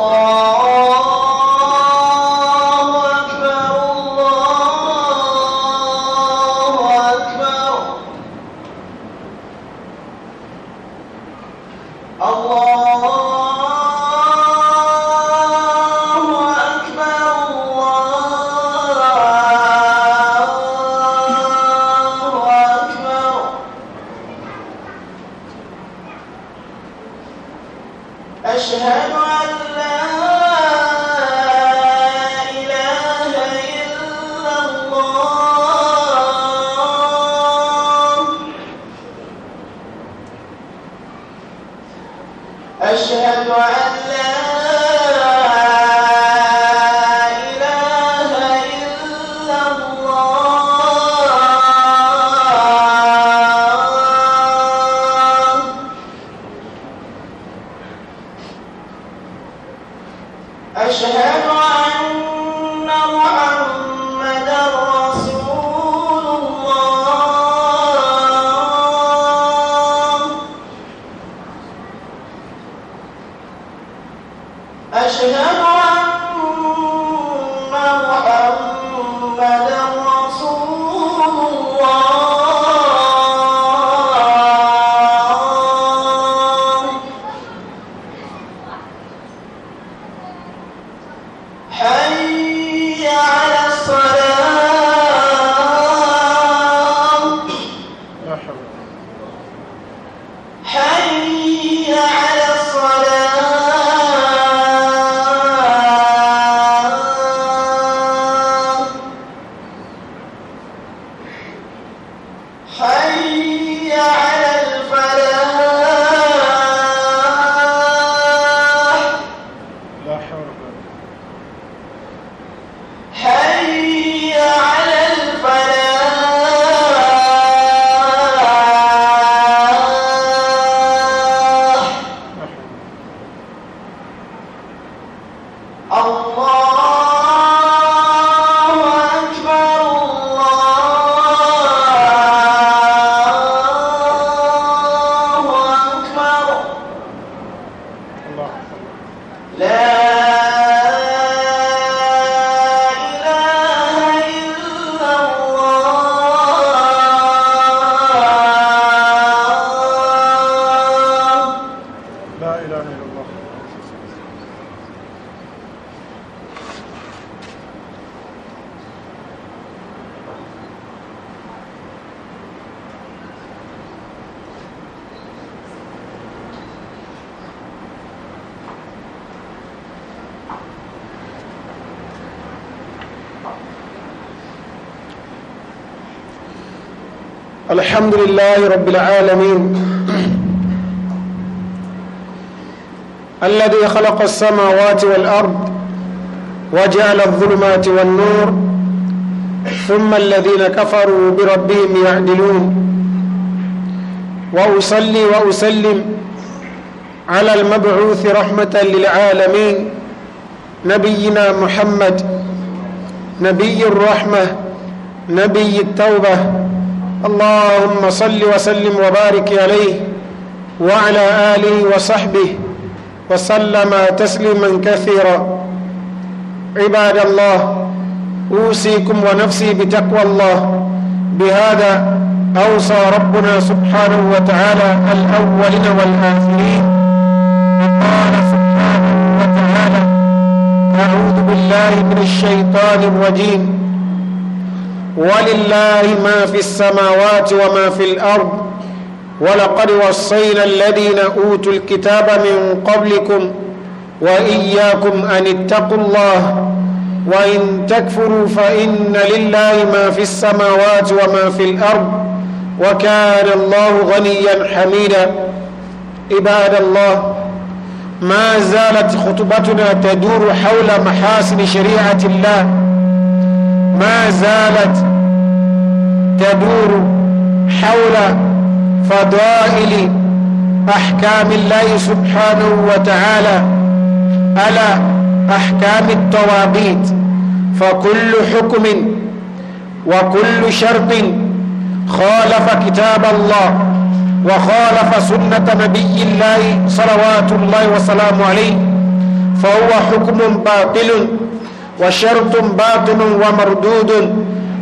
الله الحمد لله رب العالمين الذي خلق السماوات والأرض وجعل الظلمات والنور ثم الذين كفروا بربهم يعدلون وأصلي وأسلم على المبعوث رحمة للعالمين نبينا محمد نبي الرحمة نبي التوبة اللهم صل وسلم وبارك عليه وعلى آله وصحبه وسلم تسليما كثيرا عباد الله أوصيكم ونفسي بتقوى الله بهذا أوصى ربنا سبحانه وتعالى الأولين والآخرين قال سبحانه وتعالى أعوذ بالله من الشيطان الرجيم ولله ما في السماوات وما في الأرض ولقد وصينا الذين أوتوا الكتاب من قبلكم وإياكم أن اتقوا الله وإن تكفروا فإن لله ما في السماوات وما في الأرض وكان الله غنيا حميدا عباد الله ما زالت خطبتنا تدور حول محاسن شريعة الله ما زالت تدور حول فضائل أحكام الله سبحانه وتعالى على أحكام التوابيت فكل حكم وكل شرط خالف كتاب الله وخالف سنة نبي الله صلوات الله وسلامه عليه فهو حكم باطل وشرط باطن ومردود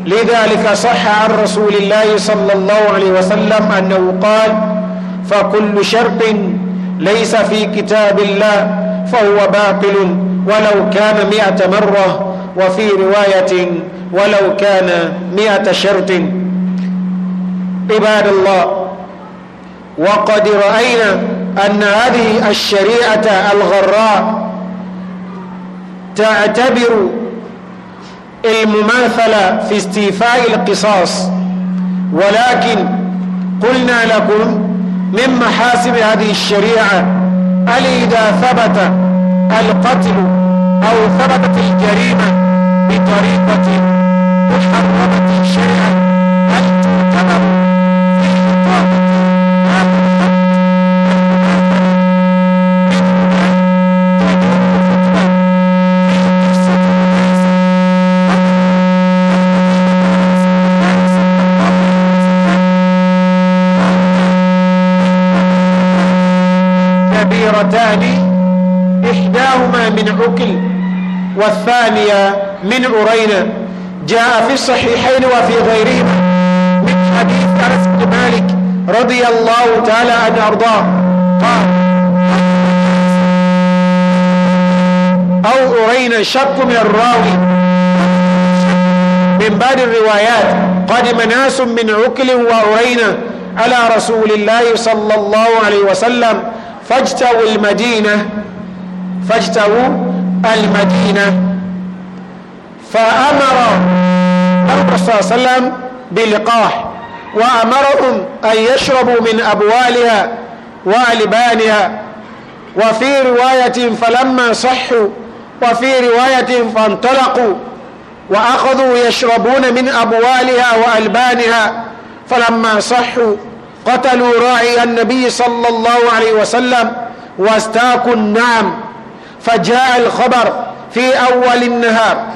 لذلك صح عن رسول الله صلى الله عليه وسلم أنه قال فكل شرط ليس في كتاب الله فهو باطل ولو كان مئة مرة وفي رواية ولو كان مئة شرط عباد الله وقد رأينا أن هذه الشريعة الغراء تعتبر المماثلة في استيفاء القصاص ولكن قلنا لكم من محاسب هذه الشريعة هل إذا ثبت القتل أو ثبتت الجريمة بطريقة محرمة شرعا هل تعتبر طاهرتان إحداهما من عكل والثانية من أرينا جاء في الصحيحين وفي غيرهما من حديث أنس بن مالك رضي الله تعالى عنه أرضاه قال أو أرينا شك من الراوي من بعد الروايات قدم ناس من عكل وأرينا على رسول الله صلى الله عليه وسلم فاجتووا المدينة فاجتووا المدينة فأمر النبي صلى الله عليه وسلم بلقاح وأمرهم أن يشربوا من أبوالها وألبانها وفي رواية فلما صحوا وفي رواية فانطلقوا وأخذوا يشربون من أبوالها وألبانها فلما صحوا قتلوا راعي النبي صلى الله عليه وسلم واستاكوا النعم فجاء الخبر في أول النهار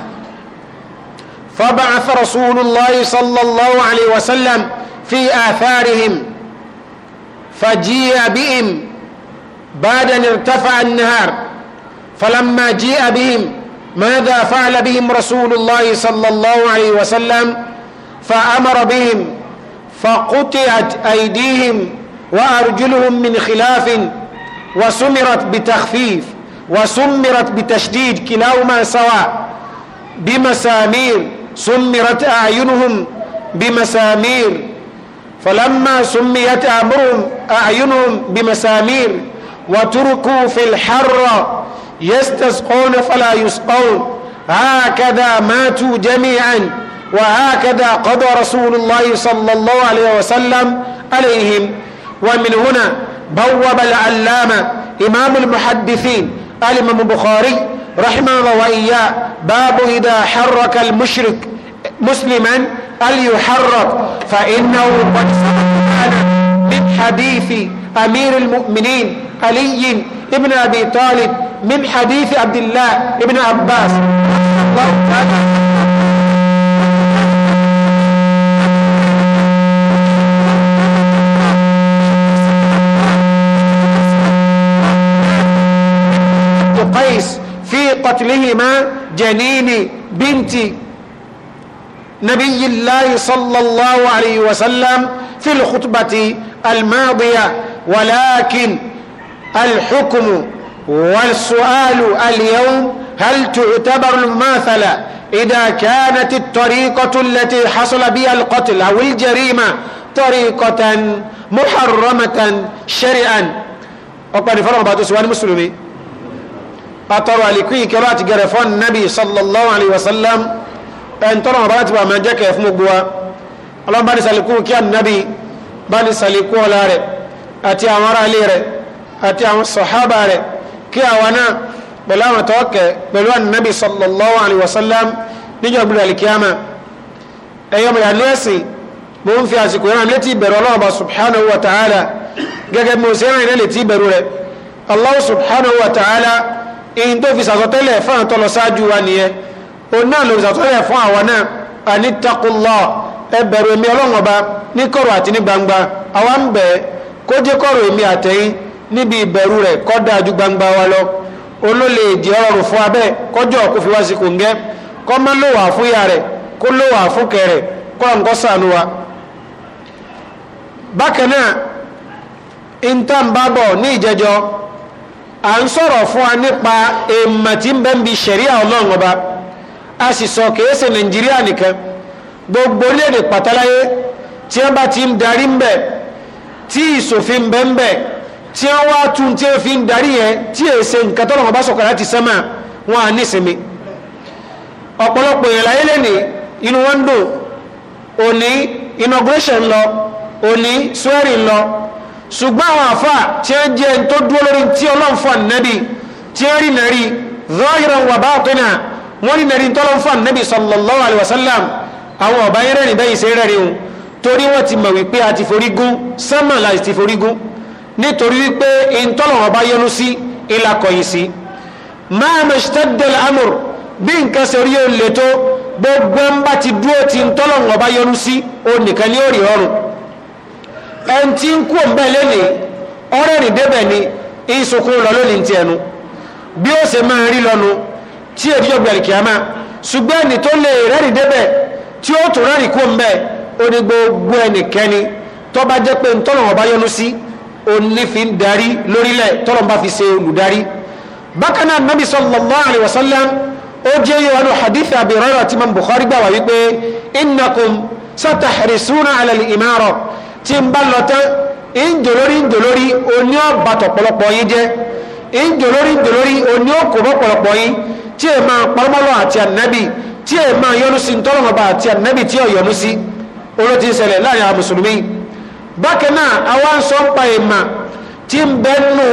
فبعث رسول الله صلى الله عليه وسلم في آثارهم فجيء بهم بعد أن ارتفع النهار فلما جيء بهم ماذا فعل بهم رسول الله صلى الله عليه وسلم فأمر بهم فقطعت أيديهم وأرجلهم من خلاف وسمرت بتخفيف وسمرت بتشديد كلاهما سواء بمسامير سمرت أعينهم بمسامير فلما سميت أمرهم أعينهم بمسامير وتركوا في الحر يستسقون فلا يسقون هكذا ماتوا جميعا وهكذا قضى رسول الله صلى الله عليه وسلم عليهم ومن هنا بوب العلامة إمام المحدثين الإمام البخاري رحمه الله وإياه باب إذا حرك المشرك مسلما أليحرك فإنه قد سمعنا من حديث أمير المؤمنين علي ابن أبي طالب من حديث عبد الله ابن عباس الله تعالى قيس في قتلهما جنين بنت نبي الله صلى الله عليه وسلم في الخطبة الماضية ولكن الحكم والسؤال اليوم هل تعتبر المماثلة إذا كانت الطريقة التي حصل بها القتل أو الجريمة طريقة محرمة شرعا أقبل فرغ بعض سؤال المسلمين atọrọ àlékún ìkẹrọ àti gẹrẹ fún nabi sallallahu alayhi wa sallam ẹn tọrọ wọn bá ti wà máa jẹ kẹ fún gbogbo wa ọlọ́run bá ní sàlékún kí ànábì bá ní sàlékún ọlá rẹ̀ àti àwọn ará ilé rẹ̀ àti àwọn sọ̀hábà rẹ̀ kí àwa náà pẹ̀lú àwọn tọ́ọ̀kẹ́ pẹ̀lú ànábì sallallahu alayhi wa sallam níjọ́ gbúdọ̀ àlìkíyàmà ẹ̀yọ́ mọ̀ yàlẹ́ ẹ̀sìn mo ń fi àsìkò yẹn létí ìbẹ̀rù ọlọ́run bá in tó fi sàtọ́tẹ́lẹ̀ fún àwọn wa nìyẹn o náà ló fi sàtọ́tẹ́lẹ̀ fún àwa náà àní takulọ ẹ èmi ọlọ́run ní kọ̀rọ̀ àti ní gbangba àwa ń bẹ̀ kó jẹ́ kọ̀rọ̀ èmi wa lọ òun ló ọrùn fún abẹ́ kọjọ́ kó fi wá sí kọ́ mọ́ ló wà fún ya rẹ̀ kó ló à ń sọ̀rọ̀ fún wa nípa èèmà tí ń bẹ́ ń bi ṣẹ̀ríà ọlọ́run ọba a sì sọ kèése nàìjíríà nìkan gbogbo orílẹ̀-èdè pàtàláyé tí wọ́n bá ti ń darí ń bẹ̀ tí ìṣòfin ń bẹ́ ń bẹ̀ tí wọ́n wá tún tí wọ́n fi ń darí yẹn tí èsè nǹkan tọ́lọ́run ọba sọ̀kọ̀ láti sẹ́mà wọn à nísinmi ọ̀pọ̀lọpọ̀ èèyàn láyé lẹ́nìí inú wọn dùn òní inauguration lọ òní swearing lọ ṣùgbọ́n àwọn àfà tí ó jẹ́ tó dúró lórí tí ọlọ́run fún ànábì tí ó rí nàrí zọ́ọ̀yìnrán wà bá àtúnà wọ́n rí nàrí tọ́lọ́run fún ànábì sallallahu alaihi wasallam àwọn ọ̀bá yẹn rẹ̀ níbẹ̀ ìṣe rẹ̀ rìn torí wọ́n ti mọ̀ wípé a ti forí gún sánmà bí nǹkan ṣe rí olè tó gbogbo ń bá ti dúró ti ìtọ́lọ̀run ọba yẹnu sí onìkan ní òrì ọrùn ẹn tí ń kú ọ̀nbẹ́ lónìí ọ̀rẹ́ rìn débẹ̀ ni ìsokún lọ lónìí ti ẹnu bí ó ṣe máa rí lọ́nu tí èdè ọgbẹ̀ kìámà ṣùgbọ́n ẹni tó lè rẹ́rìn débẹ̀ tí ó tún rẹ́rìn kú ọ̀nbẹ́ ó ní gbogbo ẹnikẹ́ni tó bá jẹ́ pé ntọ́nà ọba yọ́nú sí òní fi ń darí lórílẹ̀ tọ́nà bá fi ṣe olùdarí bákan náà nabi sallallahu alayhi ó jẹ́ yóò wánú hadith Abi Hurairah tí Bukhari gbà wá wípé innakum satahrisuna ala al-imara tí ń bá lọ tán ìjòlórí ìjòlórí oní ọ̀bàtọ̀ pọ̀lọpọ̀ yín jẹ́ ìjòlórí ìjòlórí oní òkòbọ̀ pọ̀lọpọ̀ yín tí è máa parọ́mọ́lọ́ àti ànábì tí è máa yọnu sí ntọ́lọ́mọba àti ànábì tí ò yọnu sí oró ti ń ṣẹlẹ̀ láàrin àwọn mùsùlùmí bákan náà àwa ń sọ ń pa èèmà tí ń bẹ́ nù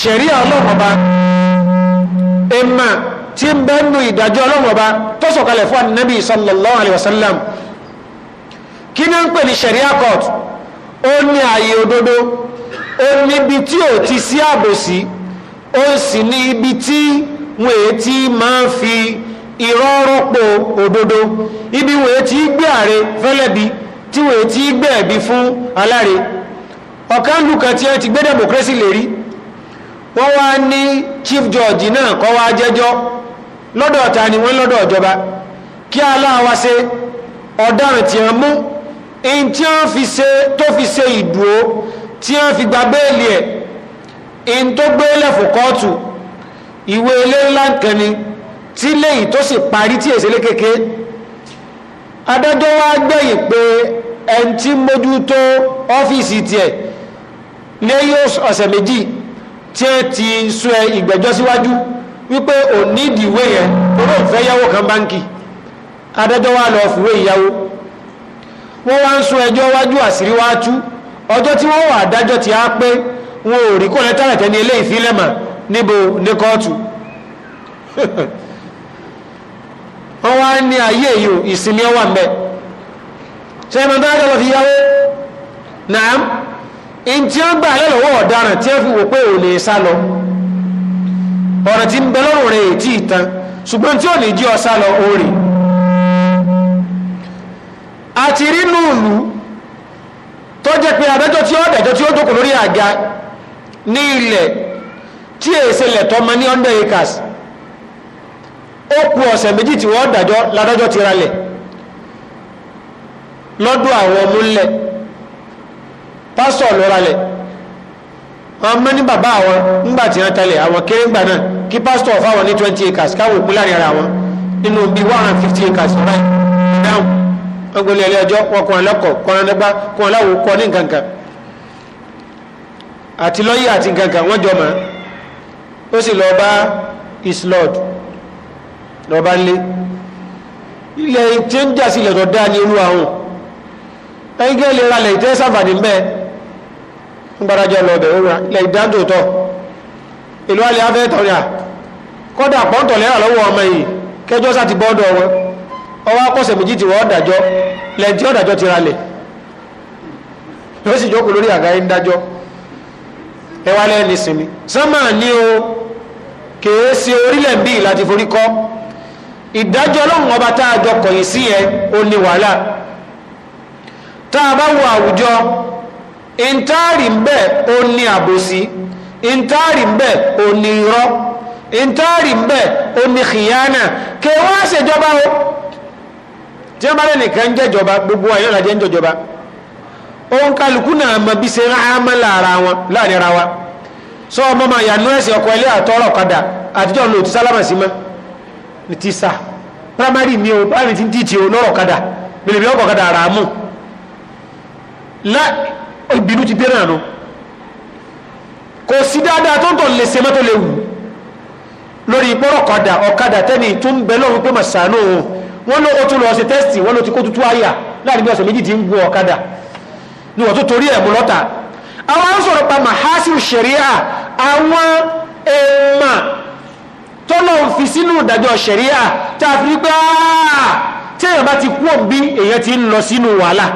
ṣẹ̀ríà ọlọ́mọba èèmà tí ń bẹ́ nù ìdájọ́ ọlọ́mọba tó fún ànábì sallallahu alayhi wa sallam kí ni ń pè ní ṣẹ̀ríà court ó ní ààyè òdodo ó níbi tí ò ti sí àbòsí ó sì ní ibi tí wọn ti máa ń fi irọ́ rọ́pò òdodo ibi wọn èyí ti gbé àre fẹ́lẹ́bi tí wọn èyí ti gbé ẹ̀bi fún aláre ọ̀kan lùkà tí wọ́n ti gbé democracy lè wọ́n wá ní chief George náà kọ́ wá jẹ́jọ́ lọ́dọ̀ ta ni wọ́n lọ́dọ̀ ìjọba kí aláwa ṣe ọ̀daràn tí wọ́n mú in tí wọ́n fi ṣe tó fi ṣe ìdúró tí wọ́n fi gba béèlì ẹ̀ in tó gbé lẹ́fọ̀ kóòtù ìwé ilé ńlá nǹkan ni tí léyìí tó sì parí tí èsè lé kéke adájọ́ wa gbẹ̀yìn pé ẹni tí mójútó ọ́fíìsì tiẹ̀ lẹ́yìn ọ̀sẹ̀ méjì tí ẹ ti sún ẹ ìgbẹ́jọ́ síwájú wípé òní ìdìwé yẹn olóòfẹ́ yáwó kan báńkì adájọ́ wa lọ fìwé ìyáwó wọ́n wá ń sún ẹjọ́ wájú àṣírí wá tú ọjọ́ tí wọ́n wà dájọ́ ti á pé wọn ò rí kọ́lẹ́ tààtẹ́ ní ilé ìfilẹ̀mà níbo ní kóòtù wọ́n wá ní ayé yìí ìsinmi ọwà ń bẹ ṣe mọ́ tó lọ fi yáwó náà in tí ó ń gbà lọ́wọ́ ọ̀daràn tí ó fi wò pé ò lè sá lọ ọ̀rọ̀ tí ń bẹ lọ́rùn rẹ̀ ètí tí ò ti rínú ìlú tó jẹ́ pé adájọ́ tí ó dẹ̀jọ́ tí ó jókòó lórí àga ní ilẹ̀ tí èsè lẹ̀tọ́ ma ní 100 acres ó kù ọ̀sẹ̀ méjì tí wọ́n dàjọ́ ti ralẹ̀ lọ́dún àwọn pásọ̀ ló ralẹ̀ ní bàbá àwọn ńgbà tí wọ́n àwọn kéré ńgbà náà kí fáwọn ní acres káwọn wọ́n gbélé ilé wọn wọ́n kọ́ ọlọ́kọ̀ kọ́ ọlọ́dẹ́gbá kọ́ ní nǹkankan àti lọ́yẹ̀ àti nǹkankan wọ́n jọ mọ́ ó sì lọ́ọ́ bá islord lọ́ọ́ bá lé ilẹ̀ tí ń jà ilẹ̀ tó dáa ní olú àwọn ẹgbẹ́ ìlera ilẹ̀ ìtẹ́ sàǹfààní mbẹ́ ń gbàdájọ́ lọ bẹ̀ ilẹ̀ ìlú à kọ́dà lọ́wọ́ ọmọ yìí kẹjọ́ sá ti wọn ọwọ́ lẹ́ntì ọ̀dàjọ́ ti ralẹ̀ lọ́sì jókòó lórí àga ẹ̀ ń dájọ́ ẹ wá lẹ́ẹ̀ nísìnyí sánmà ní o kèé sí orílẹ̀ ń bí láti forí kọ́ ìdájọ́ ọlọ́run ọba tá a jọ kọ̀yìn sí yẹn ó ní wàhálà tá a bá wo àwùjọ ìntaari ń bẹ ó ní àbòsí ìntaari ń bẹ ó ní irọ́ ìntaari ń bẹ ó ní kìyànà kèé wá ṣèjọba o tí wọ́n bá lẹ́ nìkan ń jẹ́jọba gbogbo ayé ọ̀làjẹ́ ń jọjọba òun kálukú náà mọ bí ṣe ráhámọ́ láàrin ara wa sọ ọmọ máa yà nú ẹ̀sìn ọkọ̀ ilé àtọ́rọ̀ kadà àtijọ́ ń lo sálámà sí mọ́ ti sà primary ni o báyìí ti ń tíì tí o lọ́rọ̀ kadà bèlèbè ọkọ̀ kadà ara mú ìbínú ti dé náà nù kò sí dáadáa tó ń tọ̀ lè ṣe mọ́tò lè wù lórí ìgbọ́rọ̀ kadà ọ̀kadà tẹ́ni tó ń bẹ lọ́rùn pé màsánù òun wọ́n ló tún lọ ṣe tẹ́sì wọ́n ló ti kó tutù àyà láàrin bí ọ̀sẹ̀ méjì ti ń gun ọ̀kadà ni wọ́n tó torí ẹ̀ lọ́ta àwọn ń pa mahasi sharia àwọn èèmà tọ́lọ̀ ń fi sínú ìdájọ́ sharia tá a fi pé tí èèyàn bá ti kú òbí èèyàn ti ń lọ sínú wàhálà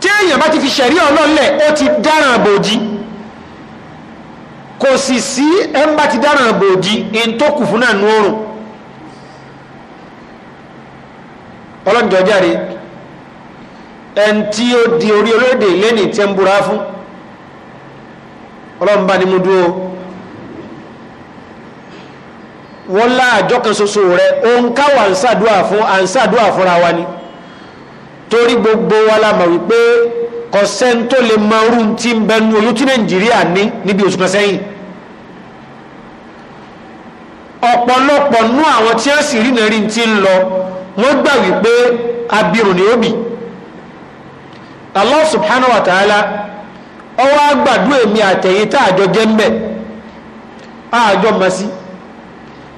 tí èèyàn bá ti fi sharia ọlọ́lẹ̀ ó ti dáràn àbòjì kò sì sí ẹ̀ ti dáràn àbòjì èyí tó kù fún náà nú òrùn ọlọ́njọ́ jáde ẹn tí ó di orí orílẹ̀-èdè lẹ́nì tẹ́ ń búra fún ọlọ́run bá ní mú dúró wọ́n láàjọ́ kan ṣoṣo rẹ̀ òun káwà ń ṣàdúà fún à ń ṣàdúà fúnra wa ni torí gbogbo wa la mọ̀ wípé kò sẹ́ni tó lè mọ orú tí ń bẹnu oyún nàìjíríà ní níbi oṣù sẹ́yìn ọ̀pọ̀lọpọ̀ nú àwọn tí wọ́n sì rí nàrí ti ń lọ wọ́n gbà wípé abirùn ni ó bì Allah subhanahu wa ta'ala ọwọ́ agbàdú èmi àtẹ̀yìn tá àjọ jẹ́ àjọ mọ̀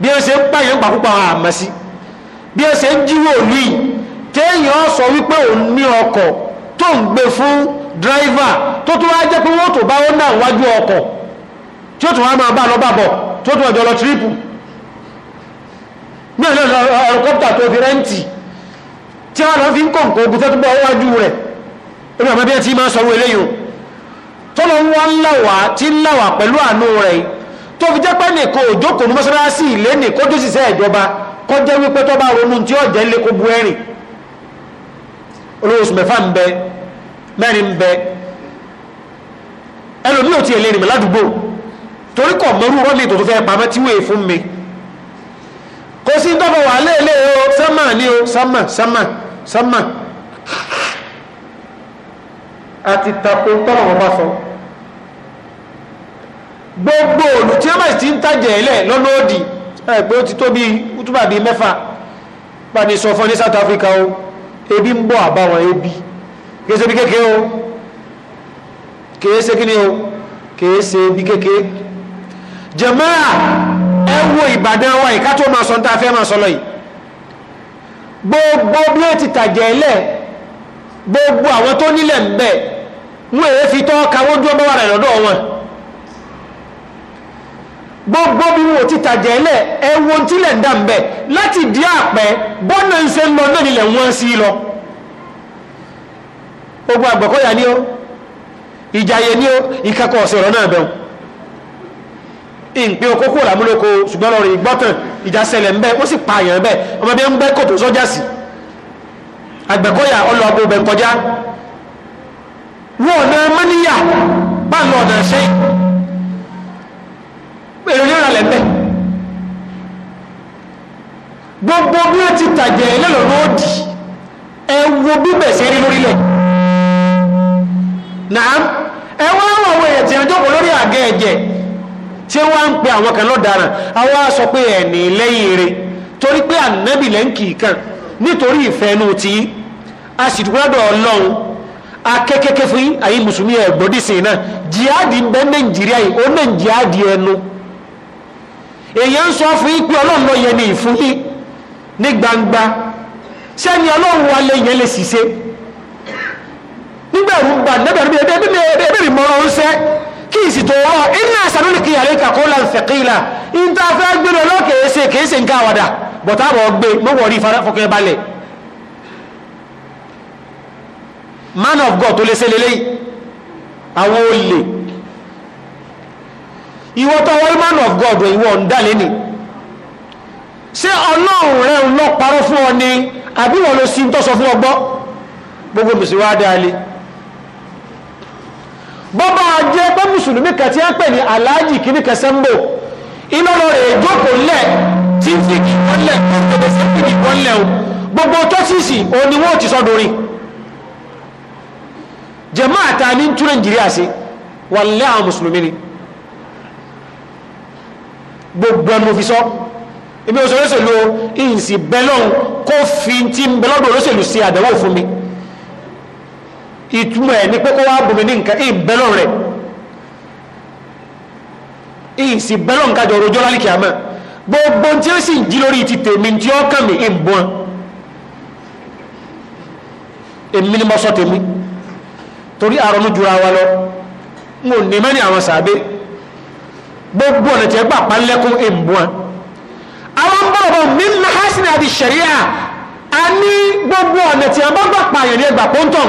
bí ó ṣe ń pàpúpà bí ó ṣe ń jíwò òlú yìí ọ sọ wípé òun ní ọkọ̀ tó ń gbé fún tó wá bá náà wájú ọkọ̀ tí ó tún wá máa bá lọ náà náà ọ̀rọ̀kọ́pítà tó fi rẹ́ǹtì tí wọ́n lọ fi ń kọ̀ǹkọ̀ ogun tẹ́túbọ̀ wájú rẹ̀ ẹni àmọ́ bí ẹ ti máa sọ̀rọ̀ eléyìí tọ́lọ ń wá ńláwà tí ńláwà pẹ̀lú àánú rẹ̀ tó fi jẹ́ pé nìkan òjókòó ní mọ́sálásí ilé ní kójú síṣẹ́ ìjọba kọjá wípé tó bá ronú tí ó jẹ́ ilé kó bu ẹ̀rìn olówó oṣù mẹ́fà ń bẹ mẹ́rin ń bẹ ẹlòmíì ò tiẹ̀ lè rìn mí ládùúgbò torí kọ̀ mọ́rú rọ́ọ̀lì tó tó fẹ́ pamọ́ tí wọ́n è fún mi kò sí tọ́fọ̀ wà léèlé o sánmà ní o sánmà sánmà sánmà àti tako tọ́lọ̀ wọn bá sọ gbogbo òlù tí wọ́n bá ti ń tàjẹ̀ ilẹ̀ lọ́nà òdì ẹgbẹ́ ó ti tó bí útúbà bíi mẹ́fà bá ní sọ fún ní South Africa o ebi ń bọ̀ àbáwọn ebi kìí ṣe bí kékeré o kìí ṣe kí ni o kìí ṣe bí kékeré jẹ̀máà ẹ wo ìbàdàn wa ìká tó máa sọ tá a fẹ́ máa sọ lọ yìí gbogbo bí ó ti tàjẹ̀ ilẹ̀ gbogbo àwọn tó nílẹ̀ ń bẹ̀ wọn èé fi tọ́ ka wọ́n dúró bọ́wọ́ rẹ̀ lọ́dọ̀ wọn gbogbo bí wọn ò ti tàjẹ̀ ilẹ̀ ẹ wo tílẹ̀ ń dà ń bẹ̀ láti di àpẹ bọ́nà ń ṣe ń lọ náà nílẹ̀ wọ́n sí lọ ogun àgbọ̀kọ́yà ni ó ìjàyè ni ó ìkẹ́kọ̀ọ́ ọ̀sẹ̀ ọ̀rọ̀ náà bẹ̀rù ìpín okókó làmúlòkó ṣùgbọ́n lọ́rọ̀ ìgbọ́tàn ìjàsẹ̀lẹ̀ ń bẹ́ ó sì pa àyàn bẹ́ ọmọ bí ń bẹ́ kòtò sọ́jà sí àgbẹ̀kọ́yà ọlọ́ọ̀bù bẹ̀ kọjá wọ́n ọ̀nà mọ́níyà bá lọ ọ̀nà ṣe èrò ní ìrànlẹ̀ bẹ́ gbogbo bí wọ́n ti tàjẹ̀ lẹ́lọ́ lóòdì ẹ wo bíbẹ̀ ṣe rí lórílẹ̀ náà ẹ wọ́n àwọn èèyàn tí tí wọ́n ń pe àwọn kan lọ́daràn àwọn á sọ pé ẹ̀nì lẹ́yìn rẹ̀ torí pé ànábì lẹ́ǹkì kan nítorí ìfẹ́ inú ti a sì gbọ́dọ̀ ọlọ́run akẹ́kẹ́kẹ́ fún ayé mùsùlùmí ẹ̀gbọ́dísìn náà jihadi ń bẹ nàìjíríà yìí ó náà jihadi ẹnu èèyàn sọ fún yín ọlọ́run lọ yẹn ìfún yín ní gbangba sẹ́ni ọlọ́run wa lè yẹn lè ṣiṣẹ́ nígbà ìrúgba nígbà ìrúgba ẹbí mi ẹbí kí ìsì tó wọ́ iná sàrúlì kí àríkà kó lá in ta fẹ́ gbé lọ lọ́kẹ̀ẹ́sẹ̀ kẹ́ẹ́sẹ̀ ń káwàdà bọ̀tàbọ̀ gbé mọ́wọ̀ rí fọkẹ́ balẹ̀ man of God tó lè ṣe lélẹ́yìn àwọn olè ìwọ tọwọ́ man of God ìwọ ń dálé ni ṣé ọlọ́run rẹ ń lọ parọ́ fún ọ ni àbí wọn ló sí ń tọ́sọ fún ọgbọ́ gbogbo mùsùlùmí bọ́bá jẹ́ pé mùsùlùmí kan tí a ń pè ní aláàjì kìíní kan sẹ́ńbò iná lọ rẹ̀ ìjókòó lẹ̀ tí fi kì wọ́n lẹ̀ gbogbo sẹ́ńbì kì wọ́n lẹ̀ o gbogbo tọ́sísì òun ni wọ́n ti sọ dorin jẹ̀mọ́ àta ní tún nàìjíríà sí wàlẹ́ àwọn mùsùlùmí ni gbogbo ẹnu fi sọ ibi òṣèlú ìsìn bẹ́lọ́n kó fi ti ń bẹ́lọ́dọ̀ olóṣèlú sí àdánwò fún mi ìtumọ̀ ẹ̀ ní kókó wá bùnmi ní nǹkan ìbẹ́lọ̀ rẹ̀ ìsì bẹ́lọ̀ nǹkan jọ rojọ́ lálìkì àmọ́ gbogbo tí ó sì jí lórí ti tèmi tí ó kàn mí ìbọn èmi ni mo sọ tèmi torí àrọ̀nù jura wa lọ n ò ní mẹ́rin àwọn sàbẹ̀ gbogbo ọ̀nà tí ẹ gbà pa lẹ́kún ìbọn àwọn bọ̀rọ̀ mi ń hásìnà àti ṣẹ̀ríà a ní gbogbo ọ̀nà tí a bá gbà pààyàn ní ẹgbà pọ́ńtọ̀n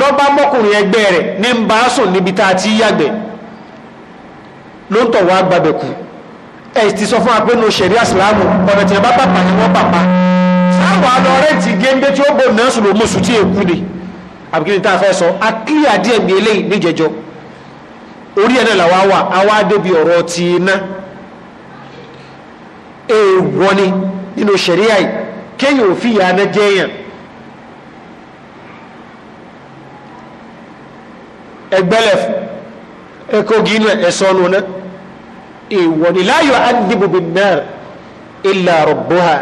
lọ́ba mọ́kùnrin ẹgbẹ́ rẹ̀ ní ń bá sùn níbi tá a ti yàgbẹ́ ló ń tọ̀ wá gbàgbẹ́ kù ẹ̀ ti sọ fún wa pé ní òṣèré àsìlámù ọ̀nà tí a bá bàbà ni wọ́n bàbà sáwọn alọ́rẹ́ ti géńdé tí ó bò náà sùn ló mú tí èkú ni àbíkí ni tá a fẹ́ sọ a kílíà díẹ̀ gbé eléyìí níjẹjọ orí ẹ̀ náà làwa wà àwa débi ọ̀rọ̀ ti iná èèwọ̀ ni nínú òṣèré àyè kéèyàn ò fi ìyá náà jẹ́yàn ẹgbẹ́lẹ̀ ẹkọ́ gínú ẹ̀sọ́ nù náà èèwọ̀ ni láyọ̀ adìbòbí náà ilà rọ̀bọ́hà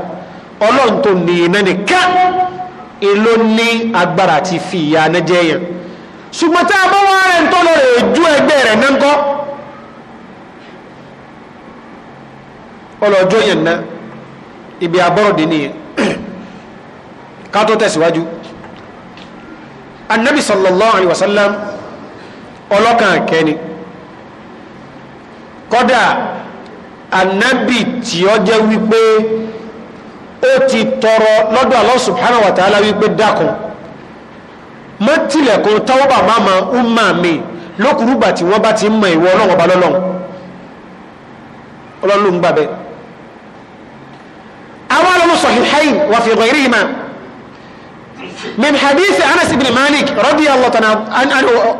ọlọ́run tó ní iná nìkan èló ní agbára àti fi ìyá anẹ́jẹ́ yẹn ṣùgbọ́n tá a bá wá rẹ̀ ń tọ́ lọ rẹ̀ ju ẹgbẹ́ rẹ̀ náà ọlọ́jọ́ yẹn náà ibi abọ́rọ̀dé nìyẹn ká tó tẹ̀síwájú annabi sallallahu alaihi wasallam ọlọ́kàn kẹni kọ́dà ànábì tí ó jẹ́ wípé ó ti tọrọ lọ́dọ̀ Allah subhanahu wa ta'ala wípé dákun mọ́ tilẹ̀kùn tawba máma ń máa mi lókùrúgbà tí wọ́n bá ti ń mọ ìwọ ọlọ́run ọba lọ́lọ́run ọlọ́run gbàbẹ́ àwọn ọlọ́run sahihayn wa fi ghayrihima من حديث أنس بن مالك رضي الله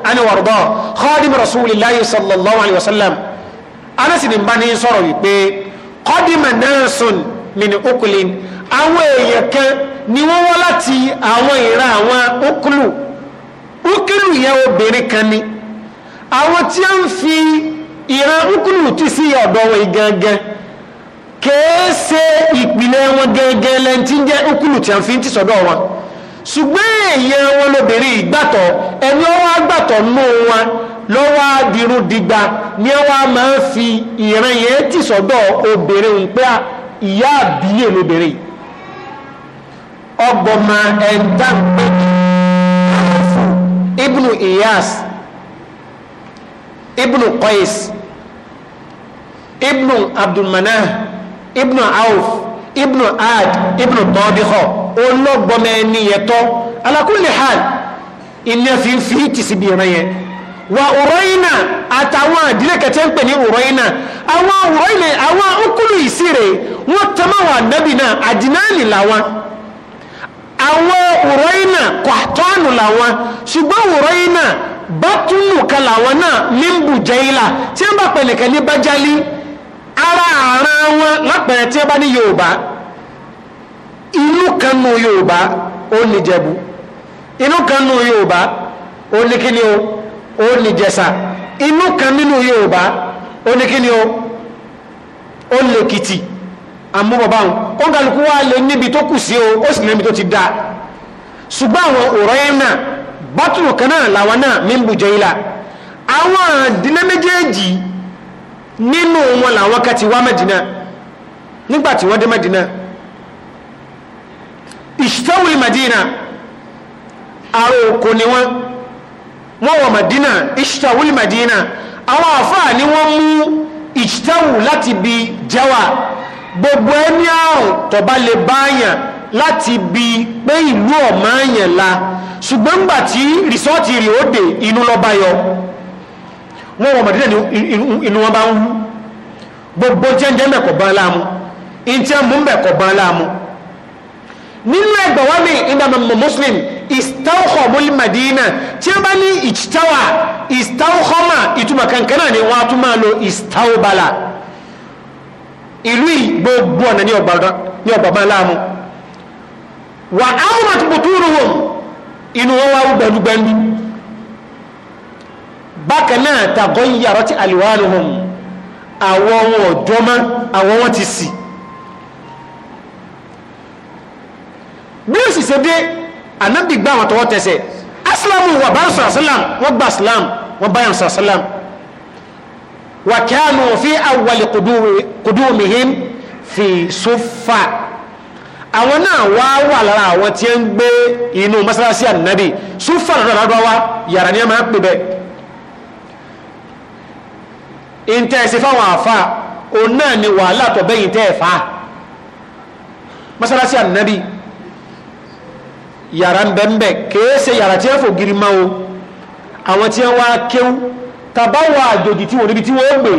عنه وارضاه خادم رسول الله صلى الله عليه وسلم أنس بن بني صروي قدم ناس من أكل àwọn يك kan ni wọ́n wá láti àwọn ìran àwọn ukulu ukulu yẹn obìnrin kan ni àwọn tí a ń fi ìran ukulu tí sí ọ̀dọ̀ wọn gangan kèé ṣe ìpìlẹ̀ wọn gangan lẹ́ntí jẹ́ ukulu tí a ń ti sọ̀dọ̀ wọn. ṣùgbọ́n èèyàn wọn lóbìnrin ìgbàtọ̀ ẹni ọwọ́ agbàtọ̀ mú wa lọ́wọ́ ni máa ń fi ìran yẹn tì sọ́dọ̀ obìnrin pé ìyá àbíyè lóbìnrin ọgbọ̀mọ ẹ̀ńdá pé ibnu iyas ibnu qais ibnu abdulmanah ibnu ibnu ad ibnu tọ́bíkọ̀ olóògbọ́mọ ẹni yẹ tọ́ alákùnlé hàn ilé fi fi ti síbi ìran yẹn wà ọ̀rọ̀yìnà àtàwọn àdílé kẹtẹ́ ń pè ní ọ̀rọ̀yìnà àwọn ọ̀rọ̀yìnà àwọn ọkùnrin ìsírè wọ́n tamáwà nábì náà àdínáàlì làwọn àwọn ọ̀rọ̀yìnà kọ̀tọ́ọ̀nù làwọn ṣùgbọ́n ọ̀rọ̀yìnà bátúnù kan náà ní bùjẹ́ ilà tí wọ́n bá pẹ̀lẹ̀kẹ́ ní bájálí láàárín wọn lápẹẹrẹ tí wọ́n bá ní yorùbá inú kan nu yorùbá ó ní jẹ̀bú inú kan yorùbá ó ní kíni o ó ní inú kan nínú yorùbá ó ní kíni o ó lè kìtì àmúbọ̀bá lè níbi tó kù sí o ó sì níbi tó ti dáa ṣùgbọ́n àwọn òrọ̀ yẹn náà bátùrù kan náà làwọn náà nínú wọn làwọn kan ti wá mẹ́dínà nígbàtí wọ́n dé mẹ́dínà ìṣtẹ́wìl mẹ́dínà àrò òkò ni wọ́n wọ́n wọ̀ mẹ́dínà ìṣtẹ́wìl mẹ́dínà àwọn àfáà ni wọ́n mú ìṣtẹ́wù láti bi jẹ́wà gbogbo ẹni àrùn tọ̀bá lè báyàn láti bi pé ìlú ọ̀mọ́ yẹn la ṣùgbọ́n gbà rìsọ́ọ̀tì rẹ̀ ó dé inú lọ́bàyọ wọ́n wọ mọ̀dínà inú wọn bá ń hú gbogbo jẹ́ǹjẹ́ mẹ́kọ̀ bá láàmú ìjẹ́ mú mẹ́kọ̀ bá láàmú nínú ẹgbẹ̀ wá muslim ìstáwọ̀kọ̀ mọ́lì madina tí a bá ní ìtìtàwà ìstáwọ̀kọ̀mà ìtumọ̀ kankana ni wọ́n tún máa lo ìstáwọ̀bala ìlú gbogbo ọ̀nà ní ọgbà bá láàmú wà áwọn àtúbùtúrù wọn inú wọn wá gbẹ̀lúgbẹ̀lú bákan náà tàgọ́ yàrá ti àlùwárò hàn àwọn ohun ọ̀dọ́ mọ́ àwọn wọn ti sì bí ó sì ṣe dé ànábì gbá àwọn tọwọ́ tẹsẹ̀ asilamu wà bá sọ asilam wọ́n gba asilam wọ́n bá yàn sọ asilam wà kíánu fi awàlẹ̀ kùdùmíhìn fi sọ́fà àwọn náà wá wà lára àwọn tí ń gbé inú masalasi ànábì sọ́fà lọ́dọ̀ lọ́dọ̀ wa yàrá ni a máa pè bẹ́ẹ̀ ìntẹ́ẹ̀sì fáwọn àfà òun náà ni wàhálà tó bẹ́yìn tẹ́ ẹ̀fà mọ́sálásí ànábì yàrá bẹ́ẹ̀bẹ́ kèése yàrá tí wọ́n fò giri ma o àwọn tí wọ́n wá kéwú tàbáwọ̀ àjòjì tí wọ́n níbi tí wọ́n gbé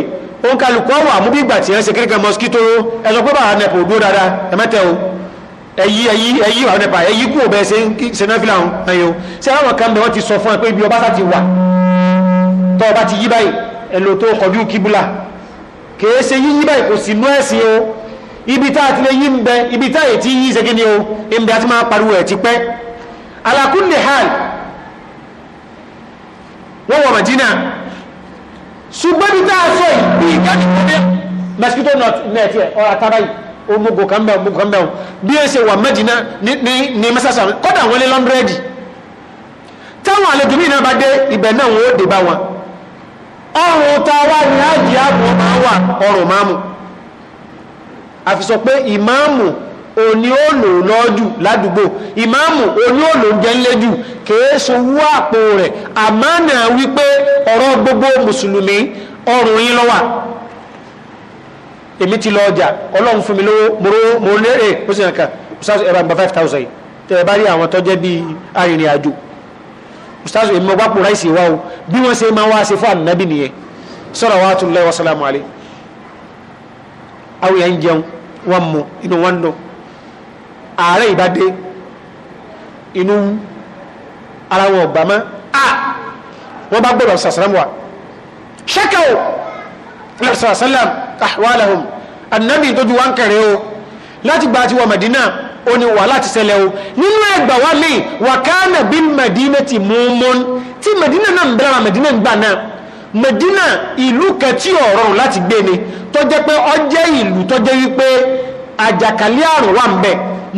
òun kálukú wà mú bí ìgbà tí wọ́n ṣe kékeré mọ́síkító ẹ sọ pé bàá nẹ̀pọ̀ ti yí báyìí ẹ̀lò tó kọjú kíbúlà kìí ṣe yíyí báyìí kò sí inú ẹ̀sìn o ibi tá àti lè yí ń bẹ ibi tá èyí tí yí ṣe kí o ibi àti máa pariwo ẹ̀ ti pẹ́ ala kulli hal wọ́n wọ̀ Madina ṣùgbọ́n bí tá a sọ yìí ìkàdì kọ́dé mosquito net ẹ̀ ọ̀rọ̀ àtàrà yìí omugo kan bẹ́ẹ̀ omugo kan bẹ́ẹ̀ bí ẹ ṣe wà Madina ní ní mẹ́sàsà kọ́dà wọlé lọ́ndrẹ́dì táwọn àlejò mí náà bá náà wọ́n ó bá wọn ọrùn ta wá ní ájì ààbò máa wà ọrùn máàmù àfi sọ pé ìmáàmù òní òlò lọ́jù ládùúgbò ìmáàmù òní òlò jẹ́ńlẹ́jù kèéso wú àpò rẹ̀ àmánà wípé ọ̀rọ̀ gbogbo mùsùlùmí ọrùn yín lọ́wà èmi ti lọ ọjà ọlọ́run fún mi lówó mo lérè eh, ó sì yàn ẹ̀rọ àgbà five thousand bá rí àwọn tọ́jẹ́ bíi arìnrìn àjò ustazu èmi ọgbà pòrá ìsì wa o bí wọ́n ṣe máa wá ṣe fún ànábì nìyẹn salawatullahi wa salamu alayhi àwọn èèyàn jẹun wọn mú inú wọn dùn ààrẹ ìbádé inú ara wọn ọgbà mọ́ a wọ́n bá gbọ́dọ̀ sàṣàlámù wa ṣẹ́kẹ̀ o ahwalahum ànábì tó ju wọn o láti gba àti Madina ó ní wà láti ṣẹlẹ̀ o nínú ẹgbà wá lè wà káànà bí mẹ̀dínà ti mú mọ́n tí mẹ̀dínà náà ń bẹ̀rẹ̀ mẹ̀dínà ń gbà náà mẹ̀dínà ìlú kẹtí ọ̀rọ̀rùn láti gbé ni tó jẹ́ pé ọ jẹ́ ìlú tó jẹ́ wípé àjàkálẹ̀ àrùn wà ń bẹ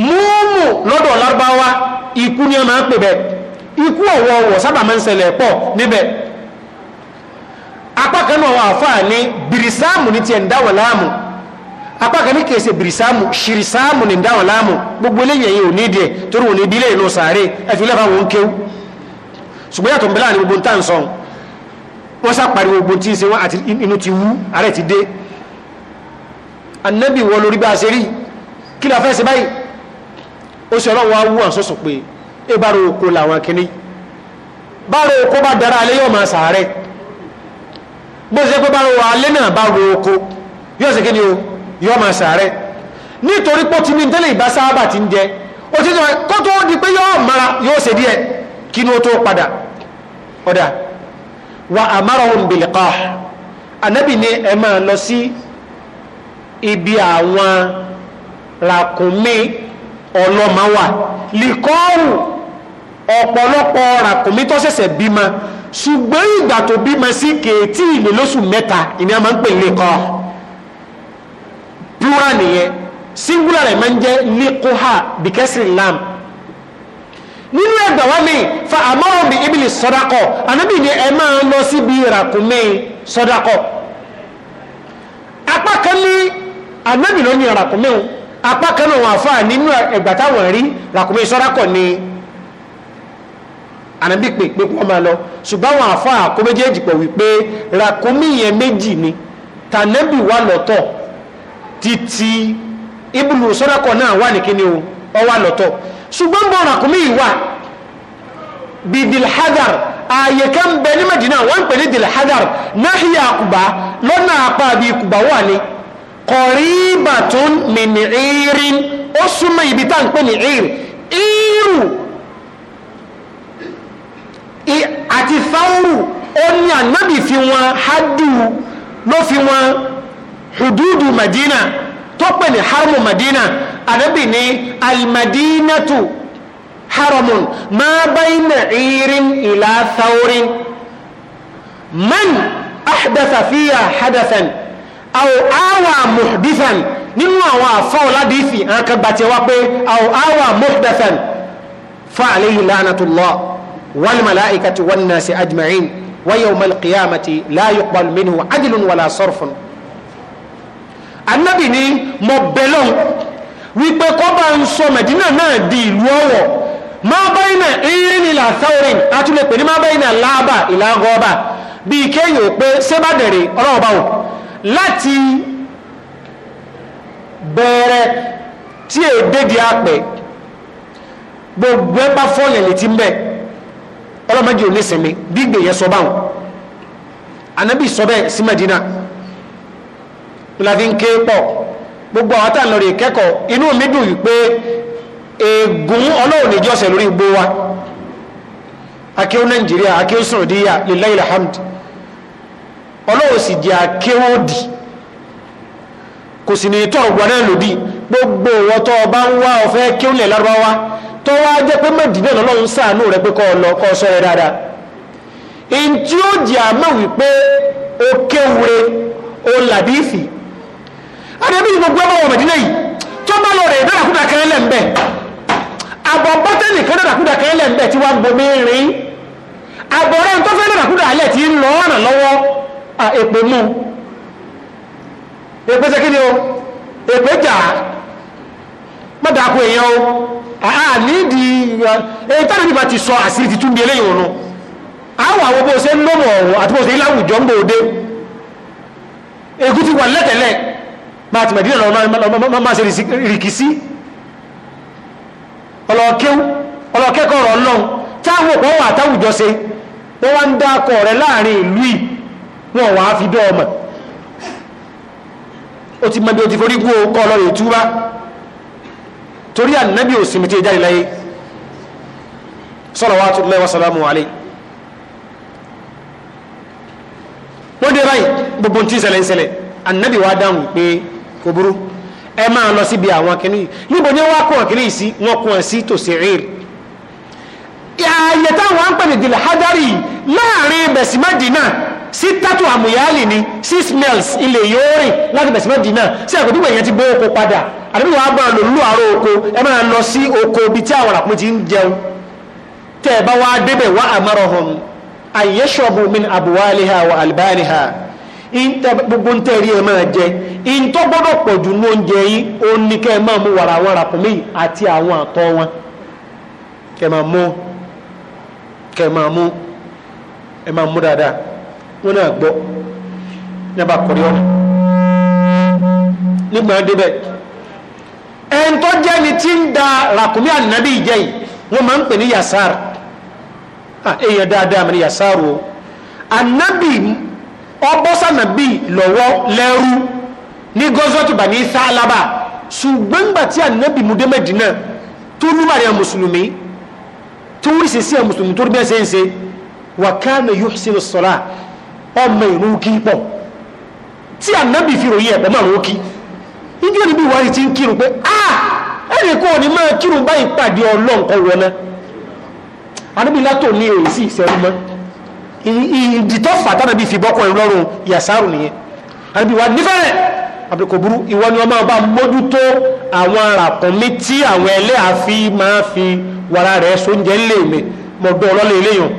múùmù lọ́dọ̀ lárúbáwá ikú ni wọ́n máa ń pè bẹ́ẹ̀ ikú ọ̀wọ̀ọ̀wọ̀ sábà máa ń ṣẹlẹ̀ pọ̀ níbẹ̀ apá kan náà àfáà ní bìrìsáàmù ní tiẹ̀ ń dáwọ̀ láàmù apákan ní kèsè bìrìsáàmù ṣìrìsáàmù ní dáwọn láàmù gbogbo eléyìn ẹ̀yìn òní díẹ̀ torí wọn ní dílé inú sàárè ẹ̀fì lẹ́fà wọn kéwú ṣùgbọ́n yàtọ̀ mbẹ́lá ní gbogbo ntá nsọ wọ́n sá pariwo gbogbo tí ń ṣe wọn àti inú ti wú ààrẹ ti dé anabi wọ lórí bá a ṣe rí kí la fẹ́ ṣe báyìí ó ṣe ọlọ́wọ́ awú àsọ̀sọ̀ pé e bá ro làwọn kìnnì bá ro bá dara alẹ́ yóò máa sàárẹ̀ bó ṣe pé bá ro alẹ́ náà bá ro yóò ṣe kí ni o yọ́ máa sàárẹ̀ nítorí pọ́ ti ní tẹ́lẹ̀ ìbá sáábà ti ń jẹ ó ti sọ kó tó di pé yọ́ mara yóò ṣe díẹ̀ kí ni ó tó padà ọ̀dà wa amarahum bilqah anabi ni ẹ máa lọ sí ibi àwọn ràkúnmí ọlọ́mọ wà lìkọ́ọ̀rù ọ̀pọ̀lọpọ̀ ràkúnmí tó ṣẹ̀ṣẹ̀ bímọ ṣùgbọ́n ìgbà tó bímọ sí kèétí ìlélóṣù mẹ́ta ìní a máa ń pè lè kọ́ ọ plural nìyẹn singular rẹ̀ máa ń jẹ́ liquha bikẹ́sìrì lam nínú ẹgbà wa mi fa àmọ́ràn bí ibìlì sọ́dákọ̀ ànábì ni ẹ máa lọ síbi ràkúnmí sọ́dákọ̀ apá kan ní ànábì ló ní ràkúnmí o apá kan náà wọn àfáà nínú ẹgbà táwọn rí ràkúnmí sọ́dákọ̀ ni ànábì pè pé kí wọ́n máa lọ ṣùgbọ́n àwọn àfáà kó méjèèjì pọ̀ wípé ràkúnmí yẹn méjì ni tànábì wà lọ́tọ̀ títí ibùdó sọ́dọ̀kọ̀ náà wà ní kíni o ọ wà lọ́tọ̀ ṣùgbọ́n bọ̀ ràkúnmí ìwà bíi bilhadar ààyè kan bẹ ní Madina wọ́n pè ní bilhadar náhìyà àti ó fi wọn hádùú ló fi hududu madina tó pè ní haramu madina ànábì ní almadinatu haramun ma bayna irin ila thawrin man ahdatha fiya hadathan aw awa muhdithan nínú àwọn àfọ́ ládìísì àǹkan gbàtẹ́ wá pé aw awa muhdithan fa alayhi la'natullah والملائكة والناس أجمعين ويوم القيامة لا يقبل منه عدل ولا صرف anábì ní mọ̀ bẹ́lọ́n wípé kọ́bà ń sọ mẹ̀dínà náà di ìlú ọ̀wọ̀ máa báyìí náà eré ní làtàorin atúlẹ̀ pè ní máa báyìí náà láàbà ìlàgọ́ọ̀bà bíi kéèyàn pé sébàdẹ̀rẹ̀ ọlọ́ọ̀bá o láti bẹ̀rẹ̀ tí è dédé apẹ̀ gbogbo ẹ bá láfi ń ké pọ̀ gbogbo àwọn tàn lórí ìkẹ́kọ̀ọ́ inú mi dùn wípé ègún ọlọ́run níjọ́sẹ̀ lórí gbogbo wa akéwò nàìjíríà akéwò sùnrùdíyà lillahi alhamd ọlọ́run sì jẹ́ akéwò dì kò sì ní tọ́ ọgbà náà lòdì gbogbo wọn tó ọba ń wá ọ̀fẹ́ kéwò lẹ̀ lárúbáwá tó wá jẹ́ pé mẹ́dínà lọ́lọ́run ṣàánú rẹ̀ pé kọ́ ọ lọ kọ́ ọ sọ dáadáa èyí tí ó jẹ́ àmọ́ wípé ó kéwure ó làbífì àdébí gbogbo ọmọ wọn mẹ̀dínà yìí tó bá lọ rẹ̀ dárakúdà kan lẹ̀ ń bẹ̀ àbọ̀ bọ́tẹ́lì kan dárakúdà kan lẹ̀ ń bẹ̀ tí wọ́n gbomi rìn àbọ̀ rẹ̀ tó fẹ́ dárakúdà alẹ̀ tí ń lọ ọ̀ràn lọ́wọ́ èpè mú èpè ṣe kí ni o èpè jà mọ́dàkú èèyàn o àníìdìí èyí tánà nípa ti sọ àṣírí ti túnbi eléyìí òun àwọn àwọn bó ṣe ń lọ́mọ̀ ọ̀wọ̀ àti bó ṣe ń láwùjọ ń gbòde ègúti wà lẹ́tẹ̀lẹ́ máa ti mẹ̀dínà lọ́mọ máa ṣe rìkìsí ọlọ́kẹ́kọ̀ọ́ ọ̀rọ̀ ọlọ́run táwọn òpó wà táwùjọ ṣe wọ́n wá ń dákọ̀ rẹ̀ láàrin ìlú yìí wọn wà á fi dọ́ ọmọ ó ti mọ̀ bí o ti forí gbó kọ́ ọlọ́rẹ̀ ìtúbá torí ànábì ò sinmi tí ìjáde láyé salawatullahi wa salamu alayhi wọ́n dé báyìí gbogbo tí ìṣẹ̀lẹ̀ ìṣẹ̀lẹ̀ ànábì wa dáhùn pé kò burú ẹ máa lọ síbi àwọn kìnnì yìí níbo ni wọ́n kún àkìnnì yìí sí wọ́n kún ẹ sí tòsí rèé ààyè táwọn ń pè ní dìlẹ̀ hadari láàrin bẹ̀sìmọ́dínà sí tátù àmúyálì ni six miles ilẹ̀ yóò rìn láti bẹ̀sìmọ́dínà sí àkójúgbò èèyàn ti bó oko padà àdébíwò agbára lòlú àárọ̀ oko ẹ máa lọ sí oko ibi tí àwọn àpò ti ń jẹun tẹ́ ẹ bá wá débẹ̀ wá amarahum ayyashrabu min abwaliha wa albaniha gbogbo ń tẹ́ ẹ máa jẹ ìntọ́ gbọ́dọ̀ pọ̀jù ní oúnjẹ yìí ó ní kẹ́ máa mú wàrà àwọn ràkúnmí àti àwọn àtọ̀ wọn kẹ́ máa mú kẹ́ máa mú ẹ máa mú dáadáa wọn náà gbọ́ ní abá kọrí ọ̀nà nígbà débẹ̀ ẹ̀ńtọ́ jẹ́ ni tí ń da ràkúnmí ànábì jẹ́ yìí wọ́n máa ń pè ní yasar èèyàn dáadáa mi ni yasar o ànábì ọbọ̀sánàbì lọ́wọ́ lẹ́rú ní gọ́sọ́tù bà ní sálábà ṣùgbọ́n gbà tí ànábì mudé mẹ́dínà tó númà rẹ̀ mùsùlùmí tó rí sí sí mùsùlùmí tó rí bẹ́ẹ̀ sẹ́yìn sẹ́ wà kana yuhsinu sọ́ra ọmọ ìrún kí pọ̀ tí ànábì fi ròyìn ẹ̀pọ̀ máa ń kí ibi ò ní bí wàrí ti ń kírun pé a ah! ẹnì kò ní máa kírun báyìí pàdé ọlọ́nkọ wọn náà ànábì látò ní èyí sí ìṣẹ́rú mọ́ ìdìtọ́ fàtánàbì fi àbíkòbúrú ìwọ ni wọ́n máa bá mójútó àwọn àràkùnmí tí àwọn ẹlẹ́ àfi máa fi wàrà rẹ̀ sóúnjẹ ńlẹ̀ mi mọ̀ bẹ́ ọlọ́lẹ̀ eléyàn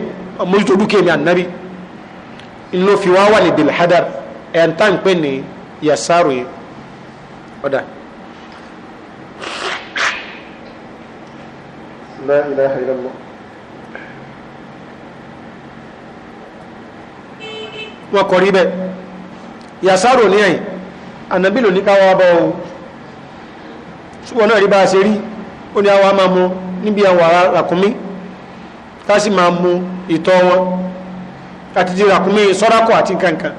mójútó dúkìá mi ànábì ló fi wá wà ní bilhadar ẹ̀ ń pè ní yasaru yìí ọ̀dà. La ilaha illallah. wọ́n kọ̀ rí bẹ́ẹ̀ yasaru ní ẹ̀yìn ànàbí lò ní káwà bọ́ ohun ṣùgbọ́n náà rí bá ṣe rí ó ní àwọn máa mú níbi àwọn ará ràkúnmí ká sì máa mú ìtọ́ wọn àti ti ràkúnmí sọ́rákọ̀ àti kankan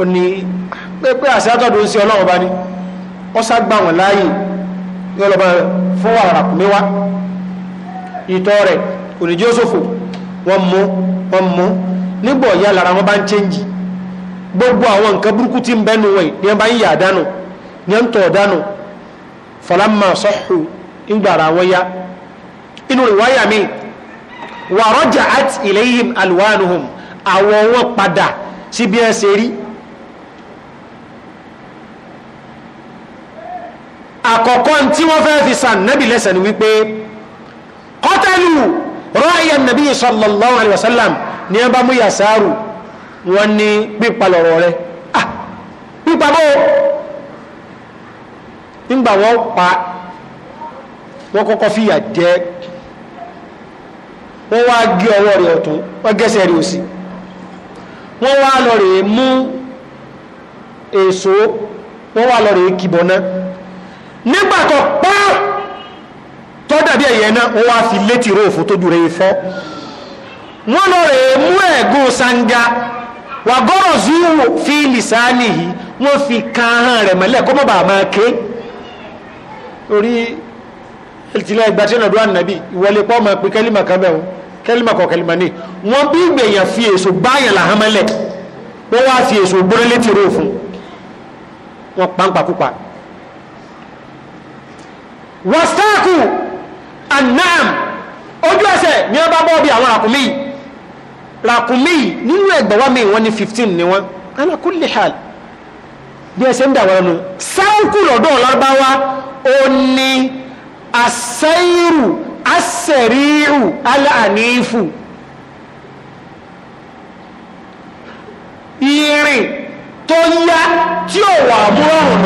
ó ní pẹ́pẹ́ àṣátọ́dún sí ọlọ́run bá ní ó ságbà wọn láàyè yọ́lọ́bà fún wàrà ràkúnmí wá ìtọ́ rẹ̀ òní jí wọ́n mú wọ́n mú nígbọ̀ ìyá wọn bá ń chẹ́ńjì gbogbo àwọn nǹkan burúkú tí ń bẹ́nu wọ̀nyí ni wọ́n bá ń yà dánù ni wọ́n ń tọ̀ dánù falamma sọ́hù ìgbàrà wọn yá inú ìwáyà mi wà rọ́jà at ilayhim alwanuhum àwọ̀ wọn padà sí bí ẹ ṣe rí àkọ́kọ́ tí wọ́n fẹ́ fi sàn nábì lẹ́sẹ̀ ni wípé qatalu ra'ya nàbí sallallahu alayhi ni wọ́n bá mú yàsáàrù wọ́n ní pípa lọ̀rọ̀ rẹ̀ ah pípa bó nígbà wọ́n pa wọ́n kọ́kọ́ fìyà jẹ́ wọ́n wá gé ọwọ́ rẹ̀ ọ̀tún wọ́n gẹ́sẹ̀ rẹ̀ òsì wọ́n wá lọ rè mú èso wọ́n wá lọ rè kìbọ̀ náà nígbà tó pọ́ tó dàbí ẹ̀yẹ náà wọ́n wá fi létí róòfù tó dùn rẹ̀ fọ́ wọ́n lọ rè mú ẹ̀gún sanga wà gọ́rọ̀ zúwò fi lìsáàlì yìí wọ́n fi kàáhàn rẹ̀ mọ́lẹ̀ kó mọ́ bàá máa ké orí ìtìlẹ̀ ìgbà tí ọ̀nàdúrà nàbí ìwọlé pọ́ máa pe kẹ́límà kan bẹ́ẹ̀ kẹ́límà kọ̀ kẹ́límà ní wọ́n bí gbèyàn fi èso báyàn làhán mọ́lẹ̀ wọ́n wá fi èso gbóró létí ró fún wọn pàǹpà púpà wọ́n stáàkù anam ojú ẹsẹ̀ ní ọba bọ́ọ̀bì àwọn àkùnmí yìí ràkúnmí nínú ẹgbẹ̀ wá mi wọ́n ní 15 ni wọ́n ala da hal bí ẹsẹ̀ ń dàwọ̀ ẹnu sáàkù lọ́dọ̀ lọ́gbàwá ó ní àṣẹ́yìrù àṣẹ̀ríhù aláànífù irin tó yá tí ò wà múrọ̀rùn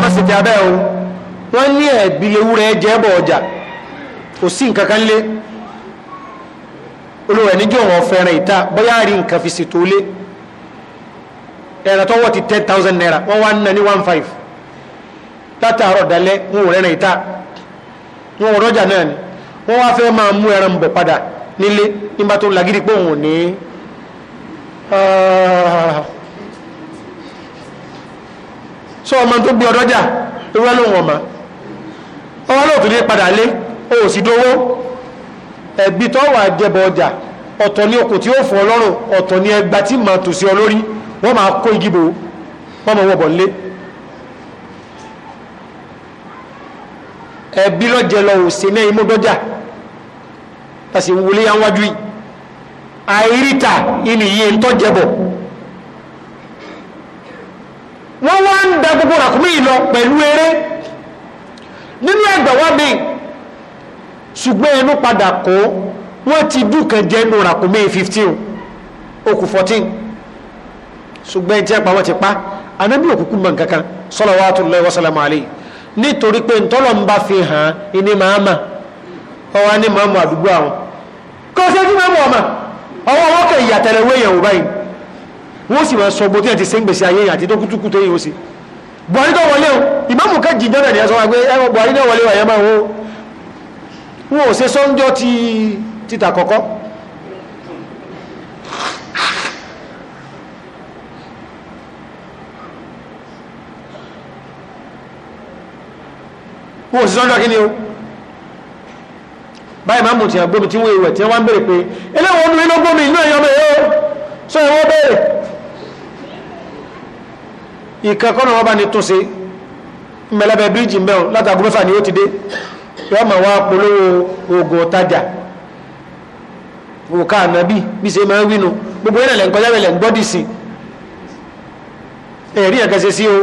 náà ti abẹ́ o wọ́n ní ẹ̀bí ewúrẹ́ jẹ́bọ̀ ọjà kò sí nǹkan kan lé olùwẹ̀ níjọ́ wọn fẹ́ràn ìta bóyá rí nǹkan fi ṣètò lé ẹ̀rọ tọ́wọ́ ti ten thousand naira wọ́n wá ń ní one five látàárọ̀ dalẹ́ wọn ò rẹ́rìn ìta wọn ò rọ́jà náà ni wọ́n wá fẹ́ máa mú ẹran bọ̀ padà nílé nígbà tó lagídí pé òun ò ní ah. sọ ọmọ tó gbé ọdọ́jà ewúrẹ́ lòun ọ̀ma ọwọ́ lóòtú lè padà lé o ò sì dówó ẹ̀gbí tó wà jẹbọ ọjà ọ̀tọ̀ ní okùn tí ó fún ọlọ́rùn ọ̀tọ̀ ní ẹgbà tí màá tò sí olórí wọ́n máa kó igi bò wọ́n máa wọ̀bọ̀ lé ẹbí lọ́jẹ lọ òsè náà imú dọ́jà tàṣí wulé yá wájú yìí àìríta inú yìí ń tọ́jẹ wọ́n wá ń da gbogbo ràkúnmí lọ pẹ̀lú eré nínú ẹgbẹ̀wá mi ṣùgbọ́n ẹnu padà kó wọ́n ti dúkan jẹ́ nù ràkúnmí 15 okù 14 ṣùgbọ́n ẹni tí ẹ̀pà wọ́n ti pa anábì òkùnkùn mọ̀ nkankan salawatullahi wa salamu alayhi nítorí pé ń bá fi hàn ní màámà ọwọ́ ní àdúgbò àwọn máa sọ buhari tó wọlé o ìmáàmù kẹjì jọ́nà ní ẹsọ wa gbé ẹwọ buhari náà wọlé wàyẹ máa wo wọn ò ṣe sọ́njọ́ ti títà kọ́kọ́ wọn ò sọ́njọ́ kí ni o báyìí máa mú ti àgbómi tí wọ́n èwẹ̀ tí wọ́n bèèrè pé eléwọ̀n obìnrin inú ẹ̀yọ́ bẹ̀rẹ̀ ìkẹ́kọ́nà wọn bá ní túnṣe mẹ́lẹ́bẹ̀ bíríjì mẹ́rún látàgùn mẹ́fà ni ó ti dé yọ́ ma wá polówó oògùn ọ̀tajà òkà ànábì bí ṣe máa ń wínú gbogbo yẹn lẹ̀ gbọ́dì sí ẹ̀rí yẹn kẹsẹ̀ sí o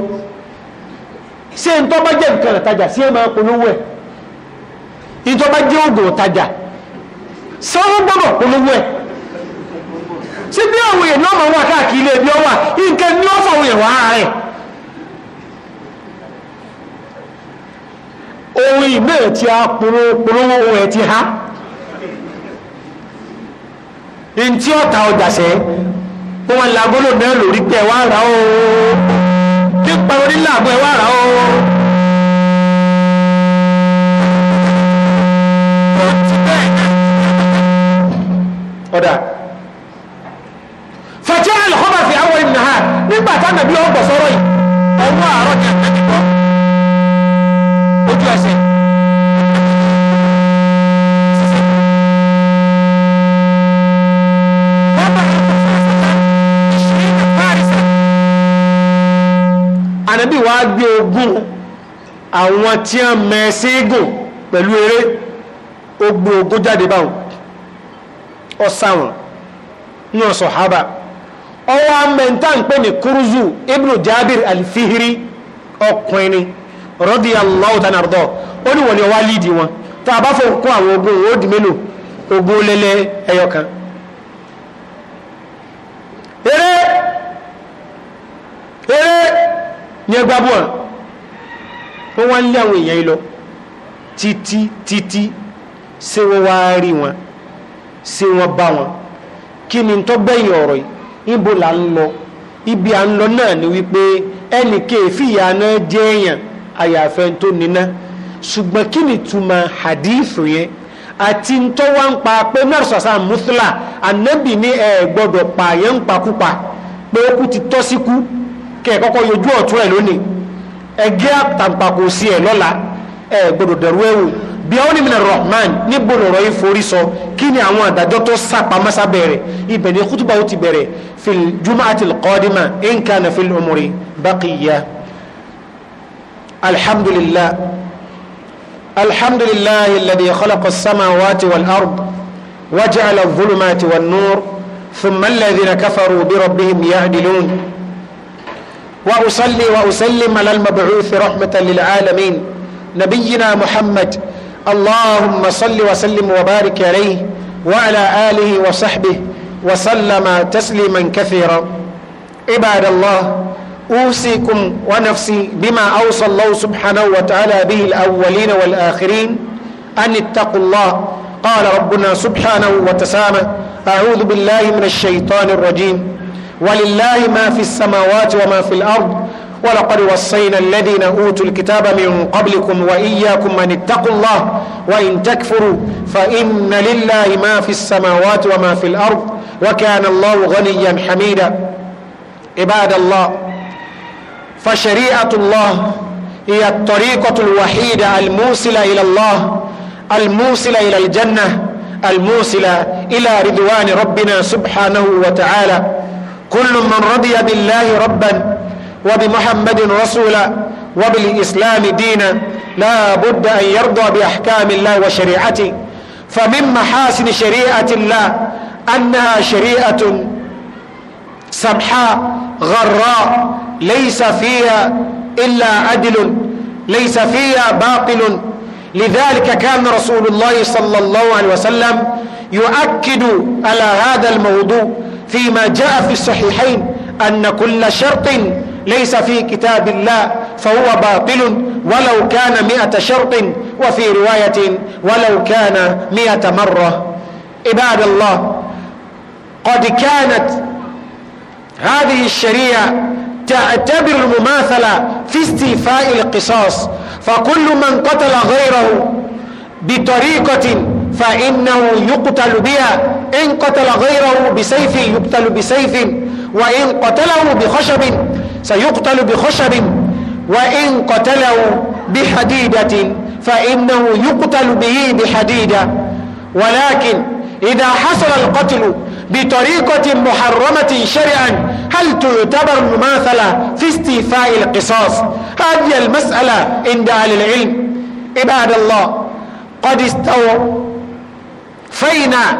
ṣé n tọ́ bá jẹ́ nǹkan ọ̀tajà sí ẹ̀ máa polówó ẹ̀ n tọ́ bá jẹ́ oògùn ọ̀tajà ṣé wọ́n gbọ́dọ̀ polówó ẹ̀ ṣé bí àwọn èèyàn náà máa káàkiri ilé ibi nǹkan ní ọ̀fọ̀ yẹn wà rẹ̀ ohun ìmọ̀ tí a polówó ohun ẹ̀ ti há in tí ọ̀tá ọjà sẹ́ ó wọn lagolo náà lórí pé ẹ wá rà ó nípa onílàbọ̀ ẹ wá rà ó. ọ̀dà fẹ̀tí àlùkọ́bà fi àwọn ènìyàn nígbà táwọn ẹbí ọgbọ̀ sọ̀rọ̀ yìí ọwọ́ àárọ̀ ni àtẹ́kẹ́ lójú ẹsẹ̀. ànábì wàá gbé ogún àwọn tí wọ́n mẹ́ẹ́sẹ́gùn pẹ̀lú eré ó gbé ogún jáde báwọn ọ̀sàwọn ní ọ̀sọ̀ hábà ọwọ́ amẹ́ntà ń pè ní kúrúzù ibnu Jabir al ọkùnrin ni rọ́dí aláwọ̀ tánà rọ́dọ̀ ó ní wọ́n ni ọwá líìdì wọn tá a bá fọ́ kún àwọn ogun ó dì mélòó ogun lẹ́lẹ́ ẹyọ eré eré ní ẹgbà bọ́ọ̀ wọ́n wá ń lé àwọn èèyàn lọ títí títí ṣé wọ́n wá rí wọn ṣé wọ́n bá wọn kí ni tó gbẹ̀yìn ọ̀rọ̀ yìí ibo là ń lọ ibi à ń lọ náà ni wípé ẹnì kéèfì ìyá náà jẹ́ èèyàn àyàfẹ́ tó níná ṣùgbọ́n kí ni túmọ̀ hadithu yẹn àti ntọ́wá ń pa pé nọ́ọ̀sọ̀sá mùsùlá ànábì ní ẹ gbọ́dọ̀ pààyàn ń pakúpa pé ó kú ti tọ́ sí kú kẹ kọ́kọ́ yọjú ọ̀tún ẹ̀ lónìí ẹgẹ́ àtàǹpàkò sí ẹ̀ lọ́la ẹ gbọ́dọ̀ dẹ̀rú ẹ̀wò bí àwọn onímọ̀ rahman níbo lọ̀rọ̀ yìí forí sọ kí ni àwọn àdájọ́ tó sàpamọ́sá bẹ̀rẹ̀ ibẹ̀ ni kútùbà ó ti bẹ̀rẹ̀ fil jumaatil qadima in kana fil umri baqiya. الحمد لله الحمد لله الذي خلق السماوات والأرض وجعل الظلمات والنور ثم الذين كفروا بربهم يعدلون وأصلي وأسلم على المبعوث رحمة للعالمين نبينا محمد اللهم صل وسلم وبارك عليه وعلى آله وصحبه وسلم تسليما كثيرا عباد الله أوصيكم ونفسي بما أوصى الله سبحانه وتعالى به الأولين والآخرين أن اتقوا الله قال ربنا سبحانه وتسامى أعوذ بالله من الشيطان الرجيم ولله ما في السماوات وما في الأرض ولقد وصينا الذين أوتوا الكتاب من قبلكم وإياكم أن اتقوا الله وإن تكفروا فإن لله ما في السماوات وما في الأرض وكان الله غنيا حميدا عباد الله فشريعة الله هي الطريقة الوحيدة الموصلة إلى الله الموصلة إلى الجنة الموصلة إلى رضوان ربنا سبحانه وتعالى كل من رضي بالله ربا وبمحمد رسولا وبالإسلام دينا لا بد أن يرضى بأحكام الله وشريعته فمن محاسن شريعة الله أنها شريعة سمحاء غراء ليس فيها إلا عدل ليس فيها باطل لذلك كان رسول الله صلى الله عليه وسلم يؤكد على هذا الموضوع فيما جاء في الصحيحين أن كل شرط ليس في كتاب الله فهو باطل ولو كان مئة شرط وفي رواية ولو كان مئة مرة عباد الله قد كانت هذه الشريعة تعتبر المماثلة في استيفاء القصاص فكل من قتل غيره بطريقة فإنه يقتل بها إن قتل غيره بسيف يقتل بسيف وإن قتله بخشب سيقتل بخشب وإن قتله بحديدة فإنه يقتل به بحديدة ولكن إذا حصل القتل بطريقة محرمة شرعا هل تعتبر مماثلة في استيفاء القصاص هذه المسألة عند أهل العلم عباد الله قد استوى فينا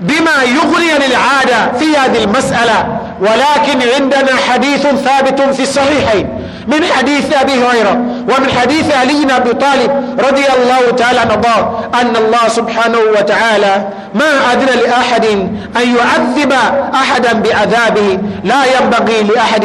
بما يغني للعادة في هذه المسألة ولكن عندنا حديث ثابت في الصحيحين من حديث أبي هريرة ومن حديث علي بن أبي طالب رضي الله تعالى عنه أن الله سبحانه وتعالى ما أذن لأحد أن يعذب أحدا بعذابه لا ينبغي لأحد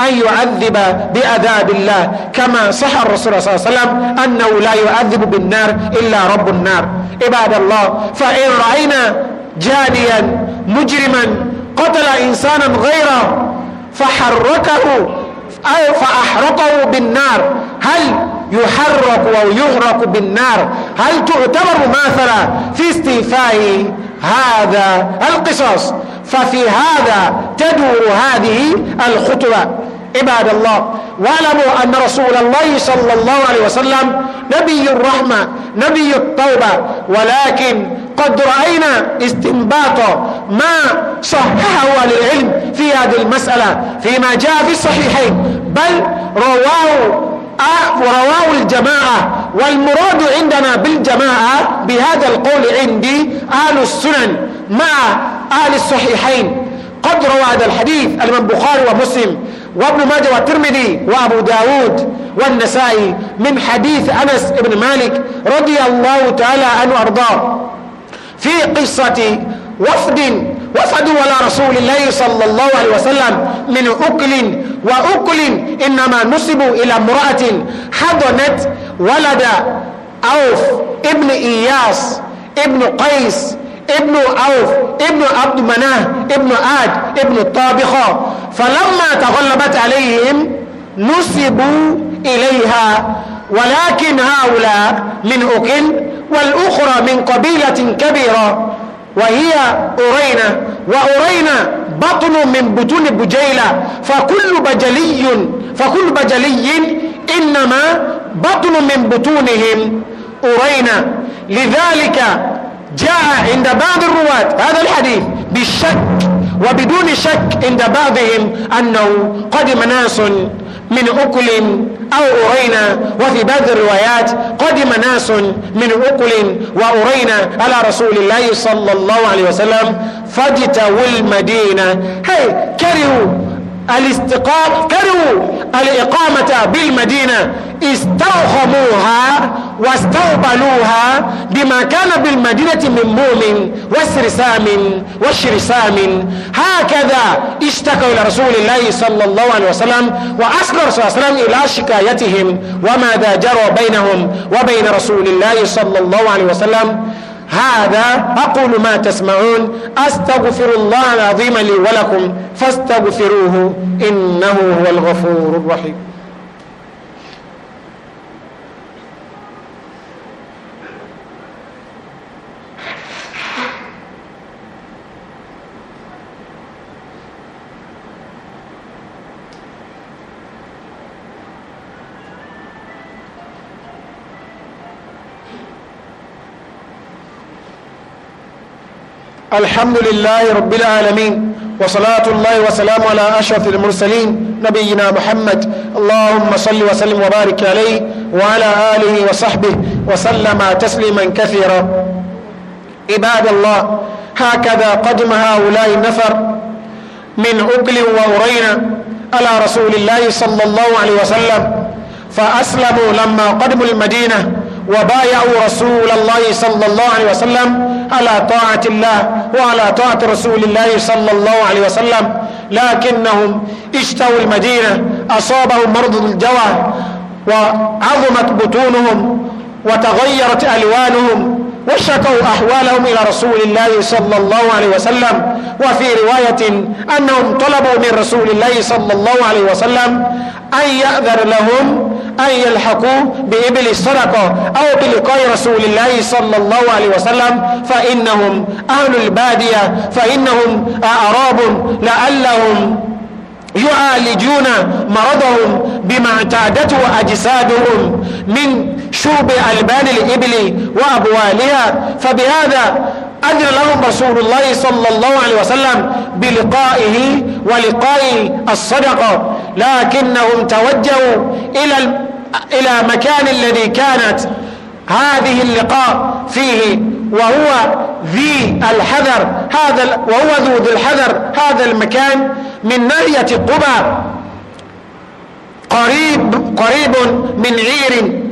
أن يعذب بعذاب الله كما صح الرسول صلى الله عليه وسلم أنه لا يعذب بالنار إلا رب النار عباد الله فإن رأينا جانيا مجرما قتل إنسانا غيره فحركه أو فأحرقه بالنار هل يحرق أو يغرق بالنار هل تعتبر مماثلة في استيفاء هذا القصص ففي هذا تدور هذه الخطبة عباد الله واعلموا أن رسول الله صلى الله عليه وسلم نبي الرحمة نبي التوبة ولكن قد رأينا استنباط ما صححه أهل العلم في هذه المسألة فيما جاء في الصحيحين بل رواه ورواه الجماعة والمراد عندنا بالجماعة بهذا القول عندي أهل السنن مع أهل الصحيحين قد روى هذا الحديث الإمام بخاري ومسلم وابن ماجه والترمذي وابو داود والنسائي من حديث انس بن مالك رضي الله تعالى عنه وارضاه في قصه وفد وفد على رسول الله صلى الله عليه وسلم من أكل وأكل إنما نسبوا إلى امرأة حضنت ولد عوف ابن إياس ابن قيس ابن عوف ابن عبد مناه ابن عاد ابن طابخة فلما تغلبت عليهم نسبوا إليها ولكن هؤلاء من أكل والأخرى من قبيلة كبيرة وهي أرينة وأرينة بطن من بطون بجيلة فكل بجلي فكل بجلي إنما بطن من بطونهم أرينة، لذلك جاء عند بعض الرواة هذا الحديث بالشك وبدون شك عند بعضهم أنه قدم ناس من أكل أو أرينا وفي بعض الروايات قدم ناس من أكل وأرينا على رسول الله صلى الله عليه وسلم فاجتووا المدينة هاي كرهوا الاستقامة كرهوا الإقامة بالمدينة استوخموها واستوبلوها بما كان بالمدينة من موم وسرسام وشرسام هكذا اشتكوا إلى رسول الله صلى الله عليه وسلم وأسكر صلى الله عليه وسلم إلى شكايتهم وماذا جرى بينهم وبين رسول الله صلى الله عليه وسلم هذا أقول ما تسمعون أستغفر الله العظيم لي ولكم فاستغفروه إنه هو الغفور الرحيم الحمد لله رب العالمين وصلاة الله وسلام على أشرف المرسلين نبينا محمد اللهم صل وسلم وبارك عليه وعلى آله وصحبه وسلم تسليما كثيرا عباد الله هكذا قدم هؤلاء النفر من أقل وأرينا على رسول الله صلى الله عليه وسلم فأسلموا لما قدموا المدينة وبايعوا رسول الله صلى الله عليه وسلم على طاعة الله وعلى طاعة رسول الله صلى الله عليه وسلم لكنهم اشتوا المدينة أصابهم مرض الجوع وعظمت بطونهم وتغيرت ألوانهم وشكوا أحوالهم إلى رسول الله صلى الله عليه وسلم وفي رواية أنهم طلبوا من رسول الله صلى الله عليه وسلم أن يأذر لهم أن يلحقوه بإبل الصدقة أو بلقاء رسول الله صلى الله عليه وسلم فإنهم أهل البادية فإنهم أعراب لعلهم يعالجون مرضهم بما اعتادته أجسادهم من شوب ألبان الإبل وأبوالها فبهذا أدر لهم رسول الله صلى الله عليه وسلم بلقائه ولقاء الصدقة لكنهم توجهوا إلى إلى مكان الذي كانت هذه اللقاء فيه وهو ذي الحذر هذا وهو ذو ذي الحذر هذا المكان من ناحية قبى قريب قريب من عير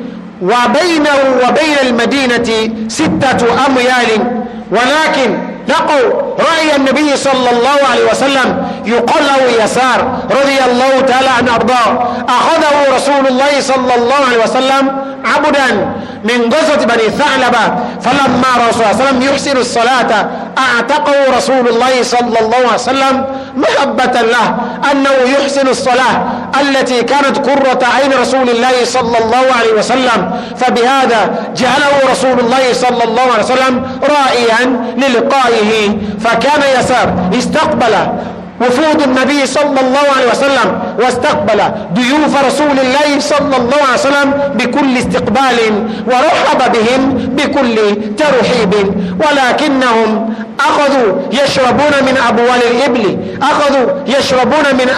وبينه وبين المدينة ستة أميال ولكن لقوا رأي النبي صلى الله عليه وسلم يقال له يسار رضي الله تعالى عنه أرضاه أخذه رسول الله صلى الله عليه وسلم عبدا من جزة بني ثعلبة فلما رسول الله صلى الله عليه وسلم يحسن الصلاة أعتقه رسول الله صلى الله عليه وسلم محبة له أنه يحسن الصلاة التي كانت قرة عين رسول الله صلى الله عليه وسلم فبهذا جعله رسول الله صلى الله عليه وسلم رائيا للقاء عليه فكان يسار استقبل وفود النبي صلى الله عليه وسلم واستقبل ضيوف رسول الله صلى الله عليه وسلم بكل استقبال ورحب بهم بكل ترحيب ولكنهم أخذوا يشربون من أبوال الإبل أخذوا يشربون من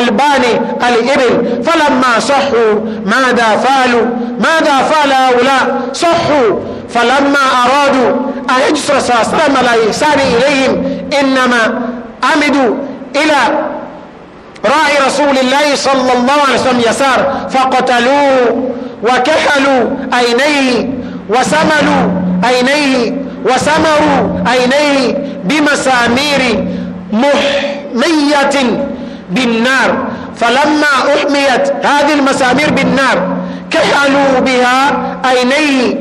ألبان الإبل فلما صحوا ماذا فعلوا ماذا فعل هؤلاء صحوا فلما أرادوا أن يجسر صلى الله عليه وسلم إليهم إنما أمدوا إلى راعي رسول الله صلى الله عليه وسلم يسار فقتلوه وكحلوا عينيه وسملوا عينيه وسمروا عينيه بمسامير محمية بالنار فلما أحميت هذه المسامير بالنار كحلوا بها عينيه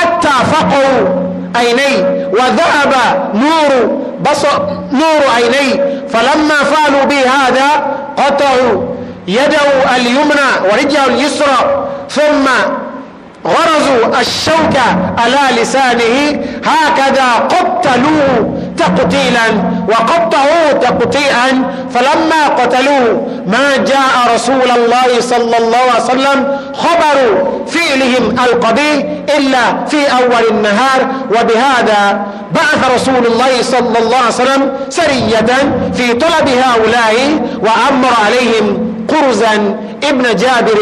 حتى فقعوا عيني وذهب نور بصر نور عيني فلما فعلوا بهذا هذا قطعوا يده اليمنى ورجله اليسرى ثم غرزوا الشوكة على لسانه هكذا قتلوه تقتيلا وقطعوه تقطيعا فلما قتلوه ما جاء رسول الله صلى الله عليه وسلم خبر فعلهم القبيح إلا في أول النهار وبهذا بعث رسول الله صلى الله عليه وسلم سرية في طلب هؤلاء وأمر عليهم قرزا ابن جابر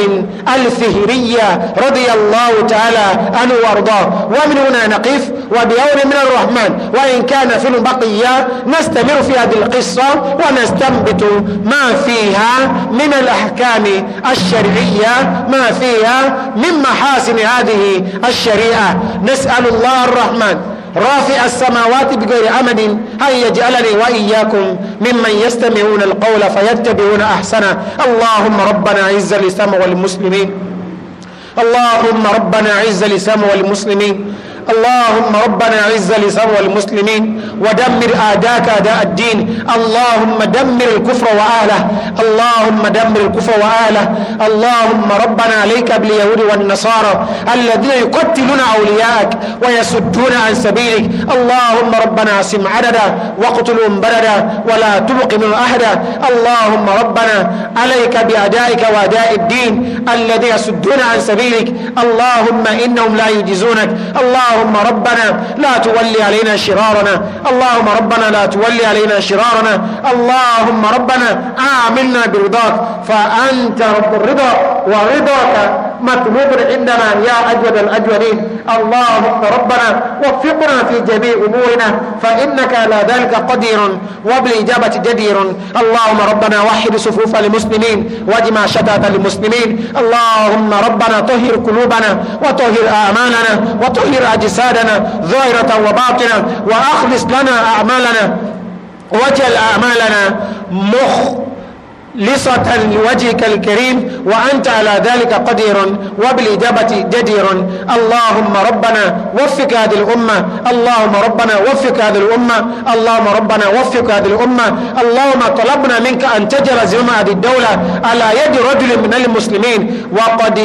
الفهرية رضي الله تعالى عنه وارضاه ومن هنا نقف وبيوم من الرحمن وإن كان فيلم البقية نستمر في هذه القصة ونستنبط ما فيها من الأحكام الشرعية ما فيها من محاسن هذه الشريعة نسأل الله الرحمن رافع السماوات بغير أمد أن يجعلني وإياكم ممن يستمعون القول فيتبعون أحسنه اللهم ربنا عز الإسلام والمسلمين اللهم ربنا عز الإسلام والمسلمين اللهم ربنا عز لسر المسلمين ودمر آداك أداء الدين اللهم دمر الكفر وآله اللهم دمر الكفر وآله اللهم ربنا عليك باليهود والنصارى الذين يقتلون أولياءك ويسدون عن سبيلك اللهم ربنا عصم عددا واقتلهم بردا ولا تبق من أحدا اللهم ربنا عليك بأدائك وأداء الدين الذين يسدون عن سبيلك اللهم إنهم لا يجزونك اللهم اللهم ربنا لا تولي علينا شرارنا اللهم ربنا لا تولي علينا شرارنا اللهم ربنا آمنا برضاك فأنت رب الرضا ورضاك مطلوب عندنا يا أجود الأجودين اللهم ربنا وفقنا في جميع أمورنا فإنك على ذلك قدير وبالإجابة جدير اللهم ربنا وحد صفوف المسلمين واجمع شتات المسلمين اللهم ربنا طهر قلوبنا وطهر آمالنا وطهر أجسادنا ظاهرة وباطنة وأخلص لنا أعمالنا وجل أعمالنا مخ لصة لوجهك الكريم وأنت على ذلك قدير وبالإجابة جدير اللهم ربنا وفق هذه الأمة اللهم ربنا وفق هذه الأمة اللهم ربنا وفق هذه الأمة اللهم طلبنا منك أن تجرى زمام هذه الدولة على يد رجل من المسلمين وقد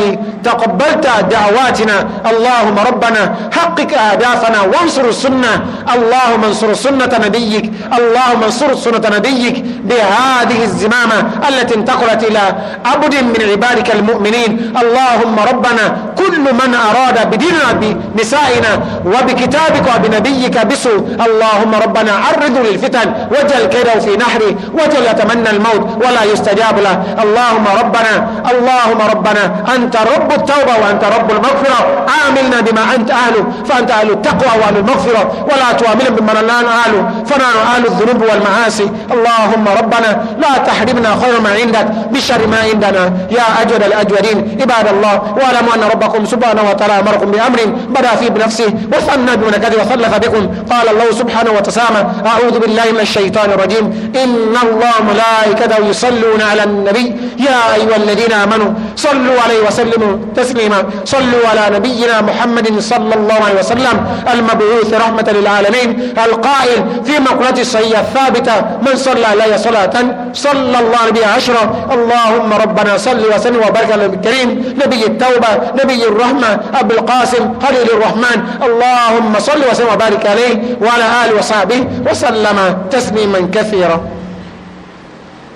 تقبلت دعواتنا اللهم ربنا حقق أهدافنا وانصر السنة اللهم انصر سنة نبيك اللهم انصر سنة نبيك بهذه الزمامة التي انتقلت إلى عبد من عبادك المؤمنين اللهم ربنا كل من أراد بديننا بنسائنا وبكتابك وبنبيك بسوء اللهم ربنا عرضوا للفتن وجل كيده في نحره وجل يتمنى الموت ولا يستجاب له اللهم ربنا اللهم ربنا أنت رب التوبة وأنت رب المغفرة آملنا بما أنت أهله فأنت أهل التقوى وأهل المغفرة ولا تؤمن بما لا أهله فنحن أهل الذنوب والمعاصي اللهم ربنا لا تحرمنا خير ما عندك بشر ما عندنا يا أجود الأجودين عباد الله واعلموا أن ربكم سبحانه وتعالى أمركم بأمر بدأ فيه بنفسه وثنى كذب وخلق بكم قال الله سبحانه وتسامى أعوذ بالله من الشيطان الرجيم إن الله ملائكته يصلون على النبي يا أيها الذين آمنوا صلوا عليه وسلموا تسليما صلوا على نبينا محمد صلى الله عليه وسلم المبعوث رحمة للعالمين القائل في مقولة الصحية الثابتة من صلى علي صلاة صلى الله عليه بها عشرة اللهم ربنا صل وسلم وبارك على الكريم نبي التوبة نبي الرحمة أبو القاسم خليل الرحمن اللهم صل وسلم وبارك عليه وعلى آله وصحبه وسلم تسليما كثيرا